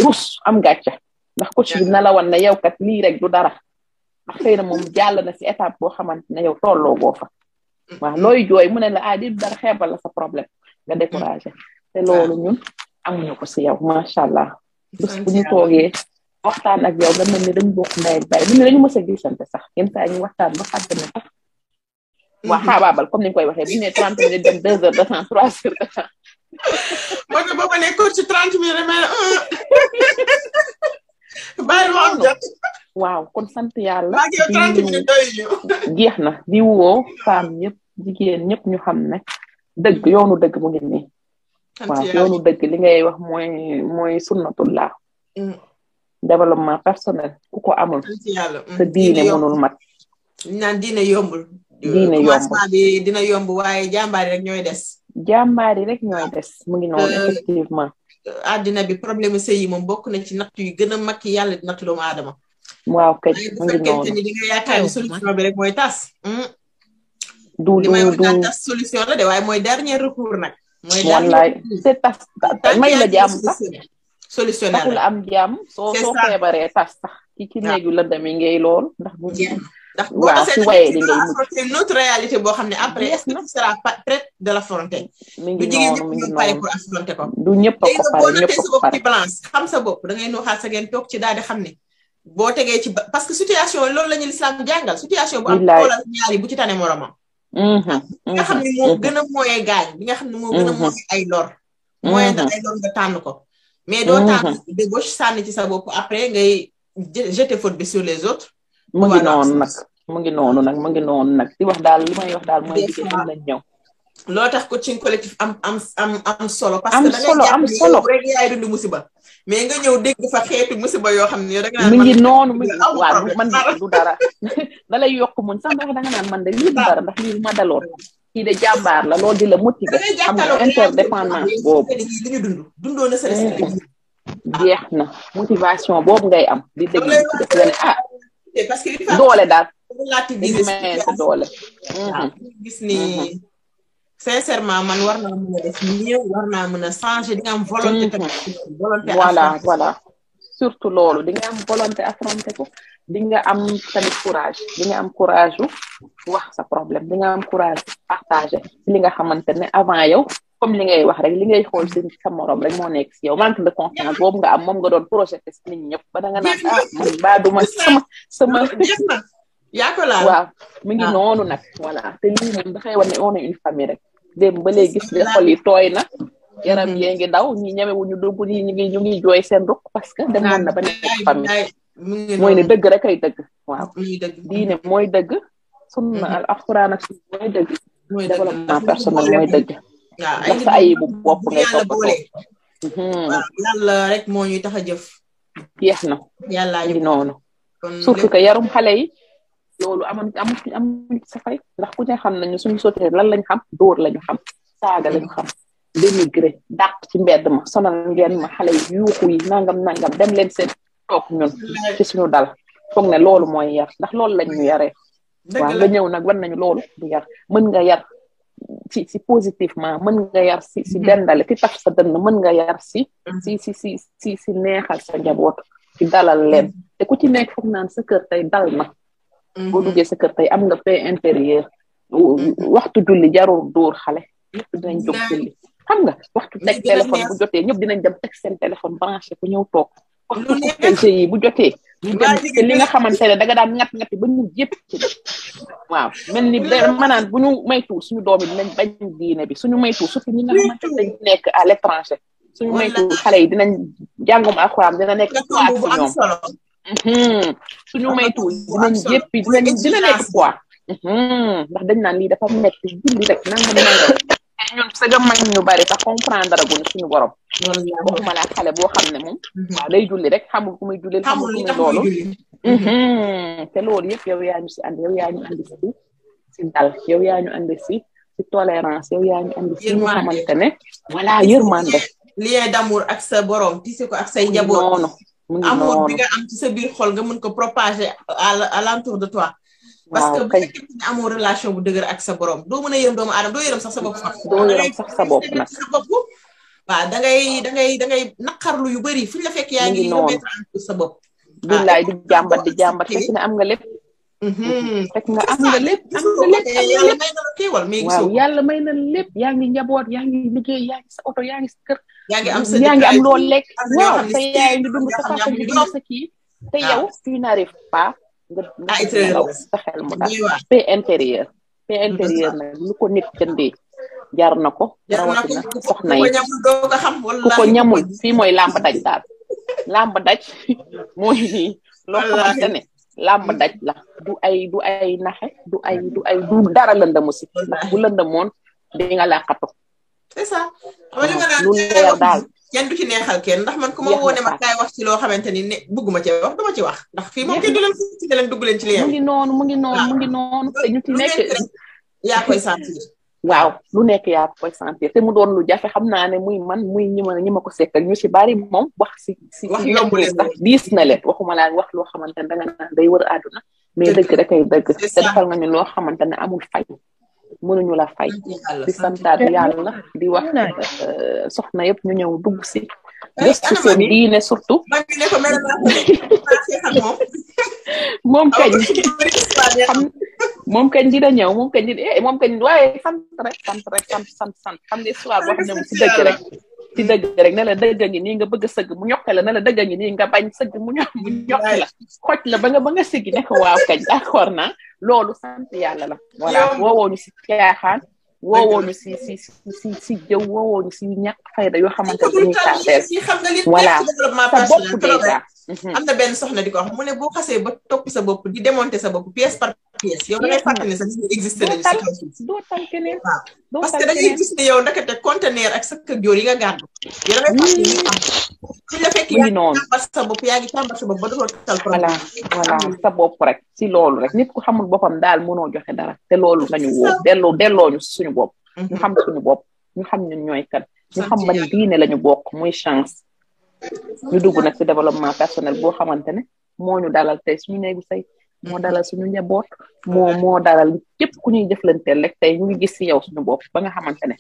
rus am gàcca ndax coach bi na la wan ne yow kat lii rek du dara ndax xëy na moom jàll na ci étape boo xamante ne yow tolloo goo fa Mm-hmm. waaw looy jooy mu ne la ah di dara xeebal la sa problème nga découragé mm-hmm. te loolu ñun amuñu ko si yow macha allah bés bu ñu toogee waxtaan ak yow nga mel ni dañ bokk ndey ak baay ñu ne dañu mës a gisante sax yenn saa ñu waxtaan ba fàtte ne sax mm-hmm. waa comme ni koy waxee bu ñu nee trente minutes dem deux de temps trois heures bàyyi waaw kon sant yàlla. jeex na di woo femme ñëpp jigéen ñëpp ñu xam ne dëgg yoonu dëgg mu ngi nii. waaw yoonu dëgg li ngay wax mooy mooy sunnatullah mm. développement personnel ku ko amul. Mm. sa diine mënul mat. naan diine yombul. diine yombul bi dina yomb waaye jàmbaari rek ñooy des. jàmbaari rek ñooy des mu ngi euh, effectivement. àddina bi problème se yi moom bokk na ci natt yi gën a mag yàlla di natt doomu aadama waaw kay bu fekkente ni li nga yaakaar solution bi rek mooy tas hmm? du du du tas solution la de waaye mooy dernier recours nag mooy wallaay c'est tas may la jàmm sax solution la am jàmm soo soo feebaree sax ci ci néegu lëndami ngay lool ndax ndax boo desee affronter notre réalité boo xam ne après est-ce a ko pare ñëpp a ko pare boo natee ci balance da ngay nooxaat sa ngeen toog que situation loolu la ñu lislaam jàngal situation bu am xoolal ñaari bu ci tane moromam mm-hmm, bi nga xam ne mm-hmm, mm-hmm. a mooyee gaañ bi nga xam ne moo gën a mooyee ay lor tànn ko mais doo tànn de ci sa bopp après ngay jeter faute bi sur les autres mu ngi noonu nag mu ngi noonu nag mu ngi noonu nag di wax daal li may wax daal mooy jigéen ñi lañ ñëw. loo tax coaching collectif am am am am solo. parce que da solo rek musiba. mais nga ñëw dégg fa xeetu musiba yoo xam ne da nga mi ngi noonu mi ngi man du dara. da yokk mun sax ndax da nga naan man de lii du dara ndax lii ma daloon. kii de jàmbaar la loolu di la motiver. xam nga interdépendance boobu. li ñu dund dundoo na sa eh, jeex na motivation boobu ngay am. di dégg ci def ah. parce que doole daal relativiser doole mhm. gis ni mhm. sincèrement man war naa mën a def mieux war am volonté mhm. volonté voilà loolu di nga am volonté ko di nga am tamit courage di am courage wax sa problème di nga am courage partager ci li nga xamante ne avant yow comme li ngay wax rek li ngay xool si sa morom rek moo nekk si yo manque de confiance boobu moom nga doon projet si nit ñëpp ba da nga naan ah baa duma sama sama yaa ko laal waaw mi ngi ah. noonu nag wala te lii moom dafay wane rek démb yi tooy na yaram mm-hmm. yee ndaw daw ñi ñu dugg ñi ñu ngi ñu jooy seen rukk parce que demoon na ba nekk famille mooy ne dëgg rek ay dëgg waaw diine mooy dëgg sunna al mm-hmm. alquran ak sunna mooy dëgg développement personnel mooy dëgg waaw ay sa ayibu bopp ngay toppatoo hmm. yàlla moo ñuy tax a jëf yeex na yàlla ñu noonu surtout que yarum xale yi loolu amoon amuñ amuñ sa ndax ku ne xam nañu suñu société lan lañ xam dóor lañu xam saaga lañu xam dénigré dàq ci mbedd ma sonal ngeen ma xale yi yuuxu yi nangam nangam dem leen seen toog ñun ci suñu dal foog ne loolu mooy yar ndax loolu lañ ñu yaree waaw nga ñëw nag war nañu loolu du yar mën yar ci si positivement mën nga yar si si mhm. dendale fi tax sa dënn mën nga yar si mhm. si si si si si neexal sa njaboot ci dalal leen mhm. te ku ci nekk foog naan sa kër tey dal na boo duggee sa kër tey am nga paix intérieure waxtu julli jarul dóor xale ñëpp dinañ jóg julli xam nga waxtu teg téléphone bu jotee ñëpp dinañ dem teg seen téléphone branché ku ñëw toog bu jotee te li nga xamante ne danga daan ñett ñett ba ñu yëpp ci mel ni maanaam bu ñu maytuwul suñu doom yi dinañ bañ diine bi suñu maytuwul surtout ñi nekk à l'étranger suñu maytuwul xale yi dinañ jàngum alxuraan dina nekk poids ci ñoom suñu maytuwul dinañ dina nekk poids ndax dañ naan lii dafa metti julli rek nangam nangam ñun sëgam mag ñu bari sax comprendre guñ suñu borom waxuma laa xale boo xam ne moom mm-hmm. waaw day rek xamul ku muy jullil mm-hmm. te loolu yëpp yow yaa ñu si ànd yow yaa ñu ànd si si dal yow yaa ñu ànd si tolérance yow yaa ñu ànd si ñu xamante ne voilà yërmande lien d'amour ak sa borom tisi ko ak say njaboot noonu am ci sa biir xol nga mën ko propager à l'entour de toi waaw que amoo relation bu dëgër ak sa borom doo mën a yërëm doomu aadama doo yërëm sax sa bopp sax. doo yërëm sax sa bopp nag sa bopp. waaw da da ngay da ngay naqarlu yu bëri fu la fekk yaa ngi. remettre sa bopp. billaay di jàmbat di jàmbat fekk na am nga lépp. Mhm. fekk nga am nga lépp am nga lépp yàlla may waaw yàlla may na lépp yaa ngi njaboot yaa ngi liggéey sa oto yaa ngi sa kër. yaa ngi am sa yaa ngi am loo lekk. waaw sa yaay ngi dund sa papa ngi dund sa te yow tu n'arrives nga ah, xelaw sa xel mu daal paix intérieure paix intérieure nag jar na ko rawatina soxna yi ku ñamul fii mooy làmb daj daal làmb daj mooy loo xamante ne làmb daj la du ay du ay naxe du ay du ay du dara lëndëmu si ndax bu lëndëmoon di nga làqatu c'est lu leer daal kenn du ci neexal kenn ndax man ku ma woone ma kaay wax ci loo xamante ni ne bëgguma ci wax dama wax ndax fii moom du leen ci leen dugg leen ci leen mu ngi noonu mu ngi noonu mu ngi noonu te ñu ci nekk yaa koy sentir waaw lu nekk yaa koy sentir te mu doon lu jafe xam naa ne muy man muy ñi ma ñi ma ko sekkal ñu ci bari moom wax si si yomb leen sax diis na leen waxuma laa wax loo xamante ne danga naan day wër àdduna mais dëgg rek ay dëgg te defal nga ñu loo xamante ne amul fay mënuñu la fay di santaat yàlla di wax euh, soxna yëpp ñu ñëw dugg si gëstu eh, seen diine surtout moom kañ xam moom kañ dina ñëw moom kañ dina eh moom kañ waaye sant rek sant rek sant sant xam ne histoire boo xam ne si dëgg rek ci dëgg rek ne la dëgg ngi nii nga bëgg sëgg mu ñokke la ne la mu la xoj la ba nga ba nga sëggi ne waaw kañ d'accord naa loolu sant yàlla la. wala woo ñu si caaxaan. woowoo ñu si si si si jëw woowoo ñu si ñaq fayda yoo xamante ne dañuy tardé. voilà sa bopp Mhm. am na benn soxna di ko wax mu ne boo xasee ba topp sa bopp di démonter sa bopp pièce par pièce yow da ngay mhm. fàttali ne sax ñu existé nañu si kaw suuf doo tal keneen waaw parce que dañuy gis ne yow ndekete conteneur ak sa kër jóor yi nga gàddu yow da ngay fàttali ne mm. am suñ la fekk yaa ngi càmbar sa bopp yaa ngi càmbar sa bopp ba dootoo tal problème voilà sa bopp rek si loolu rek nit ku xamul boppam daal mënoo joxe dara te loolu nañu wóor delloo delloo ñu suñu bopp mhm. ñu xam suñu bopp ñu xam ñun ñooy kat ñu xam ban diine lañu bokk muy chance ñu dugg nag si développement personnel boo xamante ne moo ñu dalal tey suñu néegu say moo dalal suñu njaboot moo moo dalal képp ku ñuy jëflanteel rek tey ñu ngi gis si yow suñu bopp ba nga xamante ne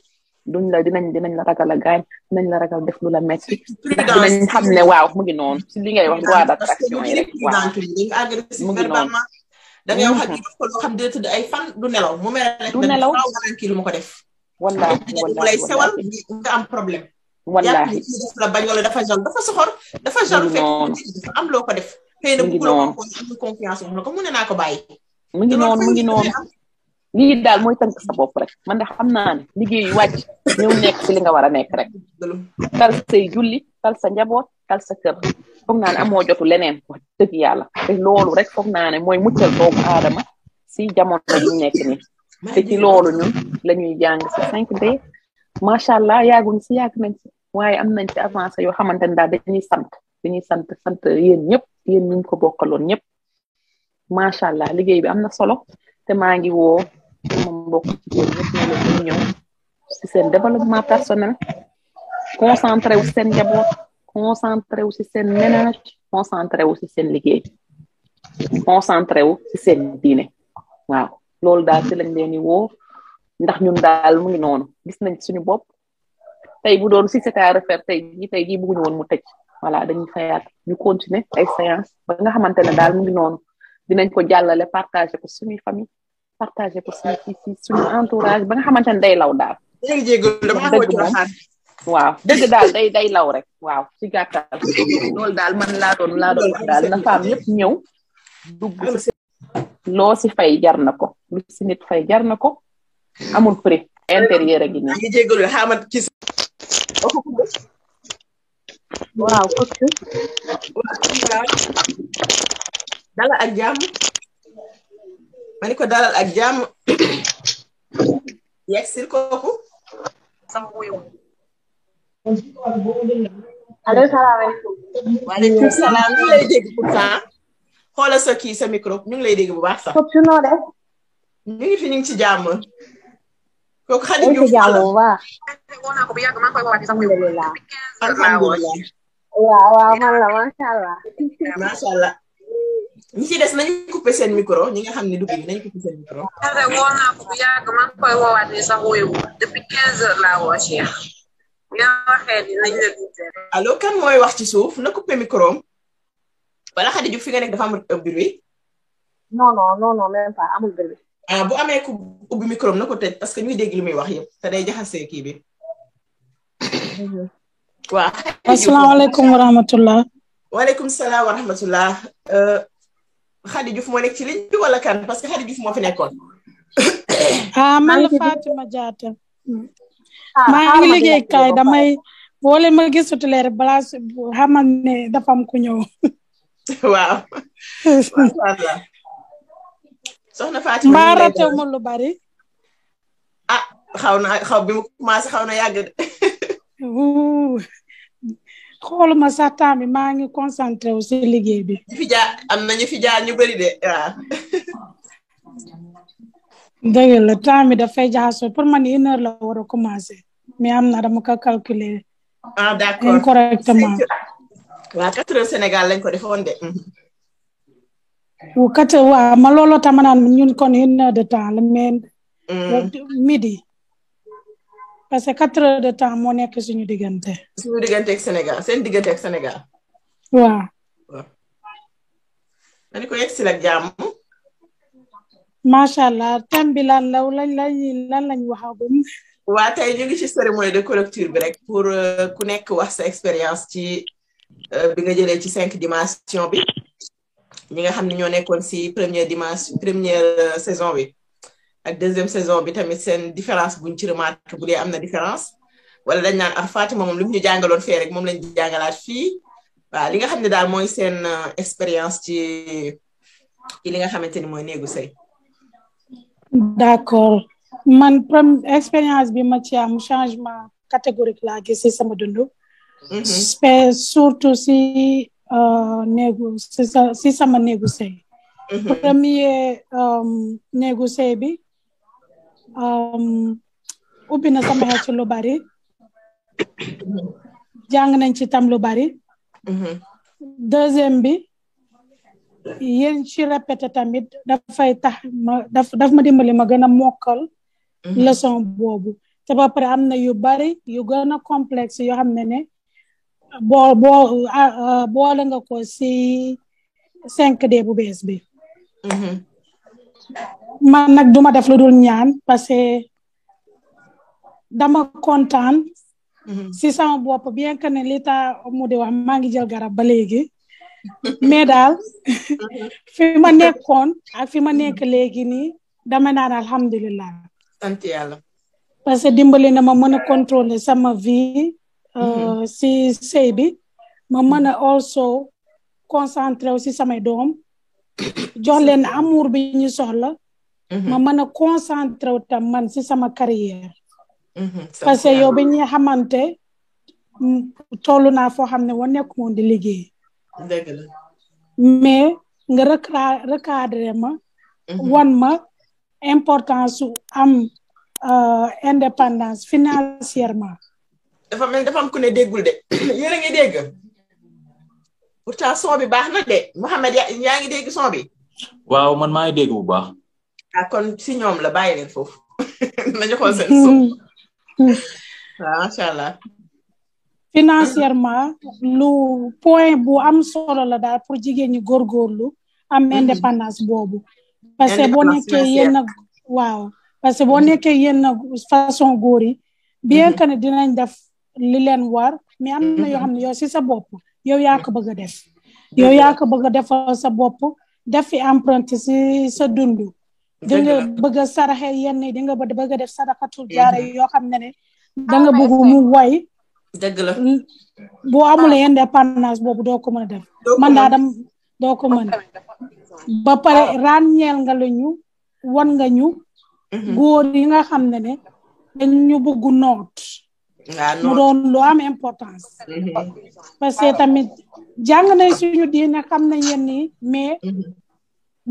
duñ la dinañ dinañ la ragal a gaañ dinañ la ragal def lu la metti ndax dinañ xam ne waaw mu ngi noonu si li ngay wax loi d'attraction yi rek waaw mu ngi noonu da ngay wax ak def mm-hmm. ko mu ko def wallaahi wallaahi nga am problème wallaahi la bañ wala dafa genre dafa soxor dafa genre fekk am loo ko def xëy na bu mu naa ko bàyyi mu ngi noonu mu ngi noonu lii daal mooy tënk sa bopp rek man de xam naa liggéey wàcc ñëw nekk si li nga war a nekk rek tal say julli tal sa njaboot tal sa kër foog naa ne amoo jotu leneen wax dëgg yàlla loolu rek foog naa ne mooy muccal doomu aadama si jamono ñu nekk ni te ci loolu ñun la jàng si cinq d macha allah yaaguñ si yàgg nañ waaye am nañ ci avancé yoo xamante ne daal dañuy sant dañuy sant sant yéen ñëpp yéen ñu ko bokkaloon ñëpp macha allah liggéey bi am na solo te maa ngi woo moom mbokk si seen développement personnel concentré wu seen njaboot concentré wu si seen ménage concentré wu si seen liggéey concentré wu si seen diine waaw loolu daal ci lañ leen di woo ndax ñun daal mu noonu gis nañ suñu bopp. tey bu doon si c'était à refaire tey jii tey jii woon mu tëj voilà dañuy fayaat ñu continuer ay séance ba nga xamante ne daal mu ngi noonu dinañ ko jàllale partager ko suñuy famille partager ko suñu fii suñu entourage ba nga xamante ne day law daal. dëgg moom waaw dëgg daal day day law rek waaw ci gàttal loolu daal man laa doon daal na femme yëpp ñëw dugg si loo si fay jar na ko lu si nit fay jar na ko amul prix intérieur a gi nii waaw coach dalal ak jàmm ma ko dalal ak jàmm yegsil kooku sama salaam ñu dégg pourtant xoolal sa kii sa micro ñu ngi lay dégg bu baax sax coach fi ñu ngi ci jàmm kooku xarit Diouf la woo ci des nañu micro ñi nga xam ni sax wuyu depuis mooy wax ci suuf na coupé micro wala xarit Diouf fi nga nekk dafa amul bruit. non non non non amul bruit. ah bu amee ku ubbi micro na parce que ñuy dégg li muy wax yëpp te day jaxasee kii bi. Mhm. waaw. asalaamaaleykum wa rahmatulah. waaleykum salaam wa euh, parce que Khady Diouf moo fi nekkoon. ah man la Fatima Diatta. Ah, damay boo leen ma gisatulee rek balaa ne dafa am ku soxna Fatima mbaa ratew ma lu bari. ah xaw na xaw bi mu commencé xaw na yàgg de. xooluma sax temps bi maa ngi concentré wu si liggéey bi. fi jaar am na ñu fi jaar ñu bari de waaw. dëgg la temps bi dafay jaxasoo pour man la war a commencé mais am na dama ko calculer. ah d' waa quatre heures Sénégal lañ ko defoon de. wu quatre waaw ma looloo tax ma ñun kon une heure de temps la mais. Mm. midi. parce que quatre heures de temps moo nekk suñu diggante. suñu diggante ak Sénégal seen diggante ak Sénégal. waaw. ma ni ko yegg si la jàmm. macha allah thème bi lan la lan lañ lan lañ waxagum. waa tey ñu ngi ci cérémonie de clôture bi rek pour euh, ku nekk wax sa expérience ci euh, bi nga jëlee ci cinq dimension bi. ñi nga xam ne ñoo nekkoon si première dimension première euh, saison bi ak deuxième saison bi tamit seen différence buñ ci remarque am na différence wala dañ naan ak ah, Fatima moom li ñu jàngaloon fee rek moom lañ jàngalaat fii waaw li nga xam ne daal mooy seen euh, expérience ci ci li nga xamante ni mooy néegu sëy d'accord man prom expérience bi ma ci am changement catégorique laa gis si sama dund mm-hmm. surtout si Uh, néegu si sa si sama néegu sëy mm-hmm. premier um, néegu sëy bi um, ubbi na sama xel bari jàng nañ ci tam lu bari mm-hmm. deuxième bi yéen ci répété tamit dafay tax daf ma dimbali ma gën a mokkal mm-hmm. leçon boobu te ba pare am na yu bari yu gën a complexe yoo xam ne ne boo boo boole nga ko si cinq d bu bees bi. Mm-hmm. man nag duma def lu dul ñaan parce que dama kontaan. Mm-hmm. si sama bopp bien que ne li ta mu di wax maa ngi jël garab ba léegi. mais daal mm-hmm. fi ma nekkoon ak fi ma nekk léegi nii dama naan alhamdulilah. sant yàlla. ma mën a sama vie. Euh, mm-hmm. si sëy bi ma mën a also concentré wu si samay doom jox leen amour bi ñu soxla ma mm-hmm. mën a concentré wu tam man si sama carrière mm-hmm. parce que yow bi ñu xamante mm, toll naa foo xam ne wa nekk di liggéey dëgg la mais nga recadré ma wan ma importance su am euh, indépendance financièrement dafa mel dafa am ku ne déggul dé yéen ngi dégg pourtant son bi baax na de Mouhamed yaa ngi dégg son bi. waaw man maa ngi bu baax. ah kon si ñoom la bàyyi leen foofu nañu xool seen allah. financièrement lu point bu am solo la daal pour jigéen ñi góorgóorlu am mm-hmm. indépendance boobu. parce que boo nekkee yenn waaw parce que boo mm-hmm. nekkee yenn façon góor yi. bien mm-hmm. que ne def li leen war mais am na yoo mm-hmm. xam ne yoo si sa bopp yow yaa ko bëgg a def yow yaa ko bëgg a defal sa bopp def fi empreinte si sa dund da nga bëgg a saraxe yenn yi da nga bëgg a def saraxatul mm-hmm. jaare yoo xam ne ne ah, da nga bëgg mu way dëgg la boo amulee ah. indépendance boobu doo ko mën a def man daa dam doo ko mën ba pare ah. ràññeel nga la wan nga ñu mm-hmm. góor yi nga xam ne ne ñu bëgg noot Ah, mu doon lu am importance mm-hmm. parce que tamit jàng nañ suñu diine xam nañ yenn yi mais mm-hmm.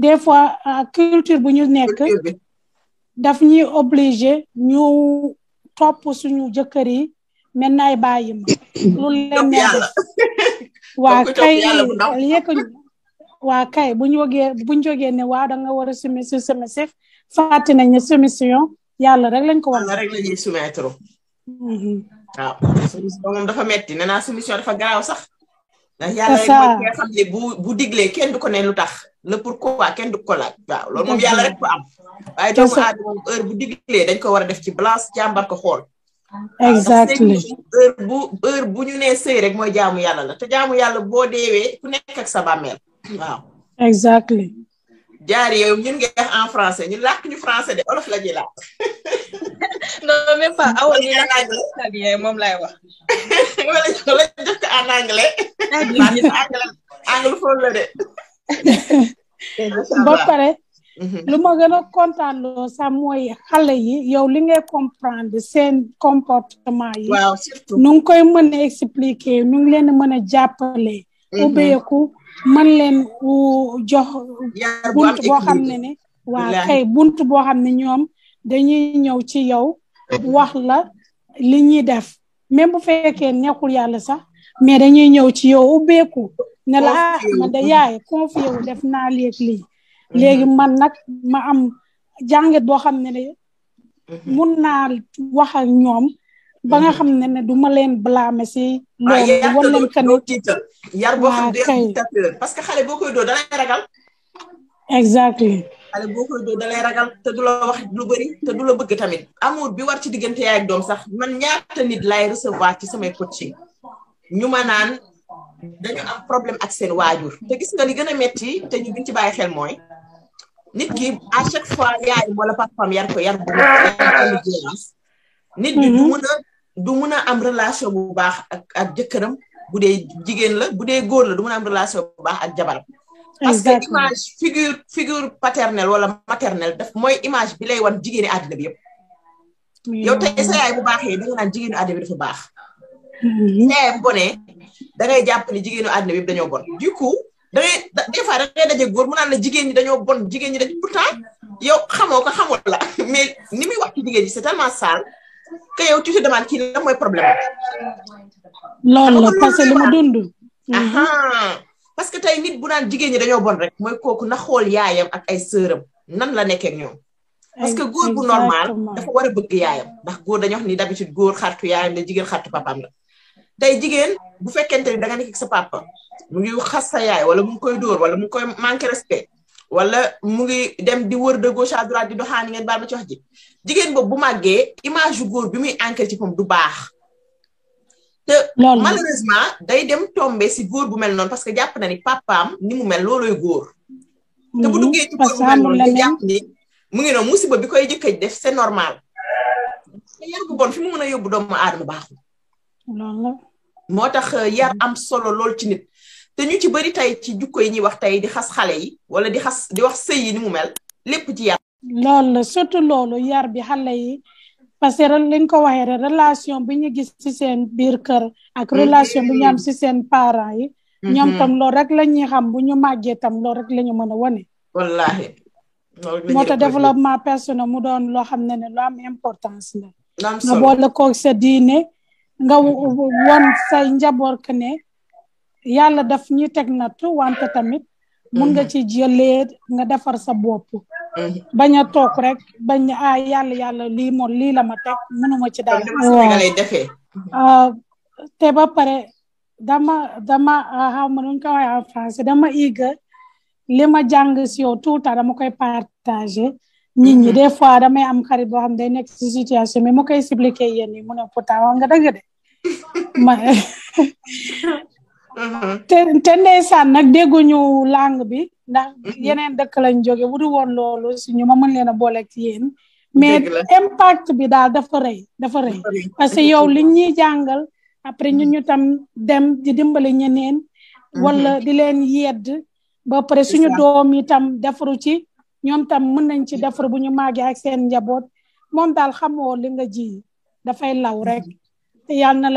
des fois ah, culture bu ñu nekk daf ñuy obligé ñu topp suñu jëkkër yi mën naay bàyyi ma lu leen neex waa kay yekk waa kay bu ñu jógee bu ñu jógee ne waa da nga war a soumis si soumisif fàtte nañ ne soumission yàlla rek lañ ko war rek lañuy soumettre waaw mm-hmm. ah, soumission moom dafa metti nee naa soumission dafa garaaw sax. ndax yàlla rek mooy nga bu bu diglee kenn du ko ne lu tax. le pourquoi kenn du ko laaj. waaw loolu moom yàlla rek ko am. waaye doomu aadama heure bu diglee dañ ko war a def ci balance jàmbar ko xool. Ah, exactement heure bu heure bu ñu nee sëy rek mooy jaamu yàlla la te jaamu yàlla boo deewee ku nekk ak sa bàmmeel waaw. exactement. jaar yooyu ñun ngi wax en français ñun làkk ñu français de olof la ñuy làkk. non moom laay wax. wala ñu pare. lu ma gën a kontaan loo sax mooy xale yi yow li ngay comprendre seen comportement yi. waaw nu koy mën a expliquer nu ngi leen mën a jàppale. Mhm. ubbeeku mën leen jox. bunt boo xam ne ne. waa kay bunt boo xam ne ñoom dañuy ñëw ci yow. wax la li ñuy def même bu fekkee nekkul yàlla sax mais dañuy ñëw ci yow ubbeeku ne la ah da yaay confié def naa léegi lii mhm. léegi man nag ma am jàngat boo xam ne ne mhm. mun naa wax ak ñoom ba nga mhm. xam ne ne du ma leen blâme si ah, loolu wan leen que ne yar boo ah, parce que xale boo koy doo xale boo koy doo dalay ragal te du la wax lu bëri te du la bëgg tamit amour bi war ci diggante yaay ak doom sax man ñaata nit laay recevoir ci samay coaching ñu ma naan dañu am problème ak seen waajur te gis nga li gën a metti te ñu gën ci bàyyi xel mooy nit ki à chaque fois yaay wala papaam yar ko yar bu violence nit bi du mhm. mun a du mun a am relation bu baax ak ak jëkkëram bu dee jigéen la bu dee góor la du mun a am relation bu baax ak jabaram parce que image figure figure paternelle wala maternelle daf mooy image bi lay wan jigéeni àddina bi yëpp. yow tey sa yaay bu baaxee da naan jigéen àddina bi dafa baax. Mhm. sa yaay bu jàpp ni jigéenu àddina yëpp dañoo bon du coup da ngay des da ngay daje góor mu naan la jigéen ñi dañoo bon jigéen ñi dañ pourtant yow xamoo ko xamul la mais ni muy wax ci jigéen ñi c'est tellement sale que yow tu te demandes kii mooy problème loolu la parce que li mu dund. parce que tey nit bu naan jigéen ñi dañoo bon rek mooy kooku na xool yaayam ak ay sëram nan la nekkee ak ñoom. parce que góor bu normal dafa war a bëgg yaayam ndax góor dañuy wax ni d'habitude góor xartu yaayam la jigéen xartu papaam la. tey jigéen bu fekkente ni danga nekk ak sa papa mu ngi xas sa yaay wala mu ngi koy dóor wala mu ngi koy manqué respect. wala mu ngi dem di wër de gauche à droite di doxaani ngeen baal ma ci wax ji jigéen boobu bu màggee image yu góor bi muy ancré ci moom du baax. te malheureusement day dem tombé si góor bu mel noon parce que jàpp na ni papaam ni mu mel loolooy góor. Mm-hmm. te bu duggee ci góor bu mel mu ngi noonu musiba bi koy def c'est normal. te yar bu bon fi mu mën a yóbbu doomu aadama baaxul. baaxu moo tax euh, yar am solo lool ci nit. te ñu ci bari tey ci jukko yi ñuy wax tey di xas xale yi wala di xas di wax sëy yi ni mu mel lépp ci yar. loolu la surtout loolu yar bi xale yi. parce que li nga ko waxee rek relation bi ñu gis ci seen biir kër ak mm. relation bi ñu si seen parents yi mm-hmm. ñoom tam loolu rek la ñuy xam bu ñu màggee tam loolu rek lañu ñu mën a wane wallaahi moo tax développement personnel mu doon loo xam ne ne lu am importance la nga boole koog sa diine nga won say njaboot que ne yàlla daf ñuy teg nattu wante tamit mun nga mm. ci jëlee nga defar sa bopp bañ a toog rek bañ a ah, yàlla yàlla lii moom lii la ma teg mënuma ci dara. waaw ah, te ba pare dama dama ah, xaw ma nu ko waxee en français dama iga li ma jàng si yow tout temps dama koy partagé. nit ñi mhm. des fois damay am xarit boo xam ne day nekk si situation mais mu koy expliqué yéen ñi mu ne pourtant wax nga dëgg de. Mhm. te te ndeysaan nag dégguñu langue bi. ndax yeneen dëkk lañ jóge bu du woon loolu suñu ma mën leen a booleeg ci yéen mais impact bi daal dafa rëy dafa rëy parce que yow liñ ñuy jàngal après ñu ñu tam dem di dimbali ñeneen wala di leen yedd ba pare suñu doom yi tam defaru ci ñoom tam mën nañ ci defar bu ñu màggee ak seen njaboot moom daal xamoo li nga ji dafay law rek te yàlla la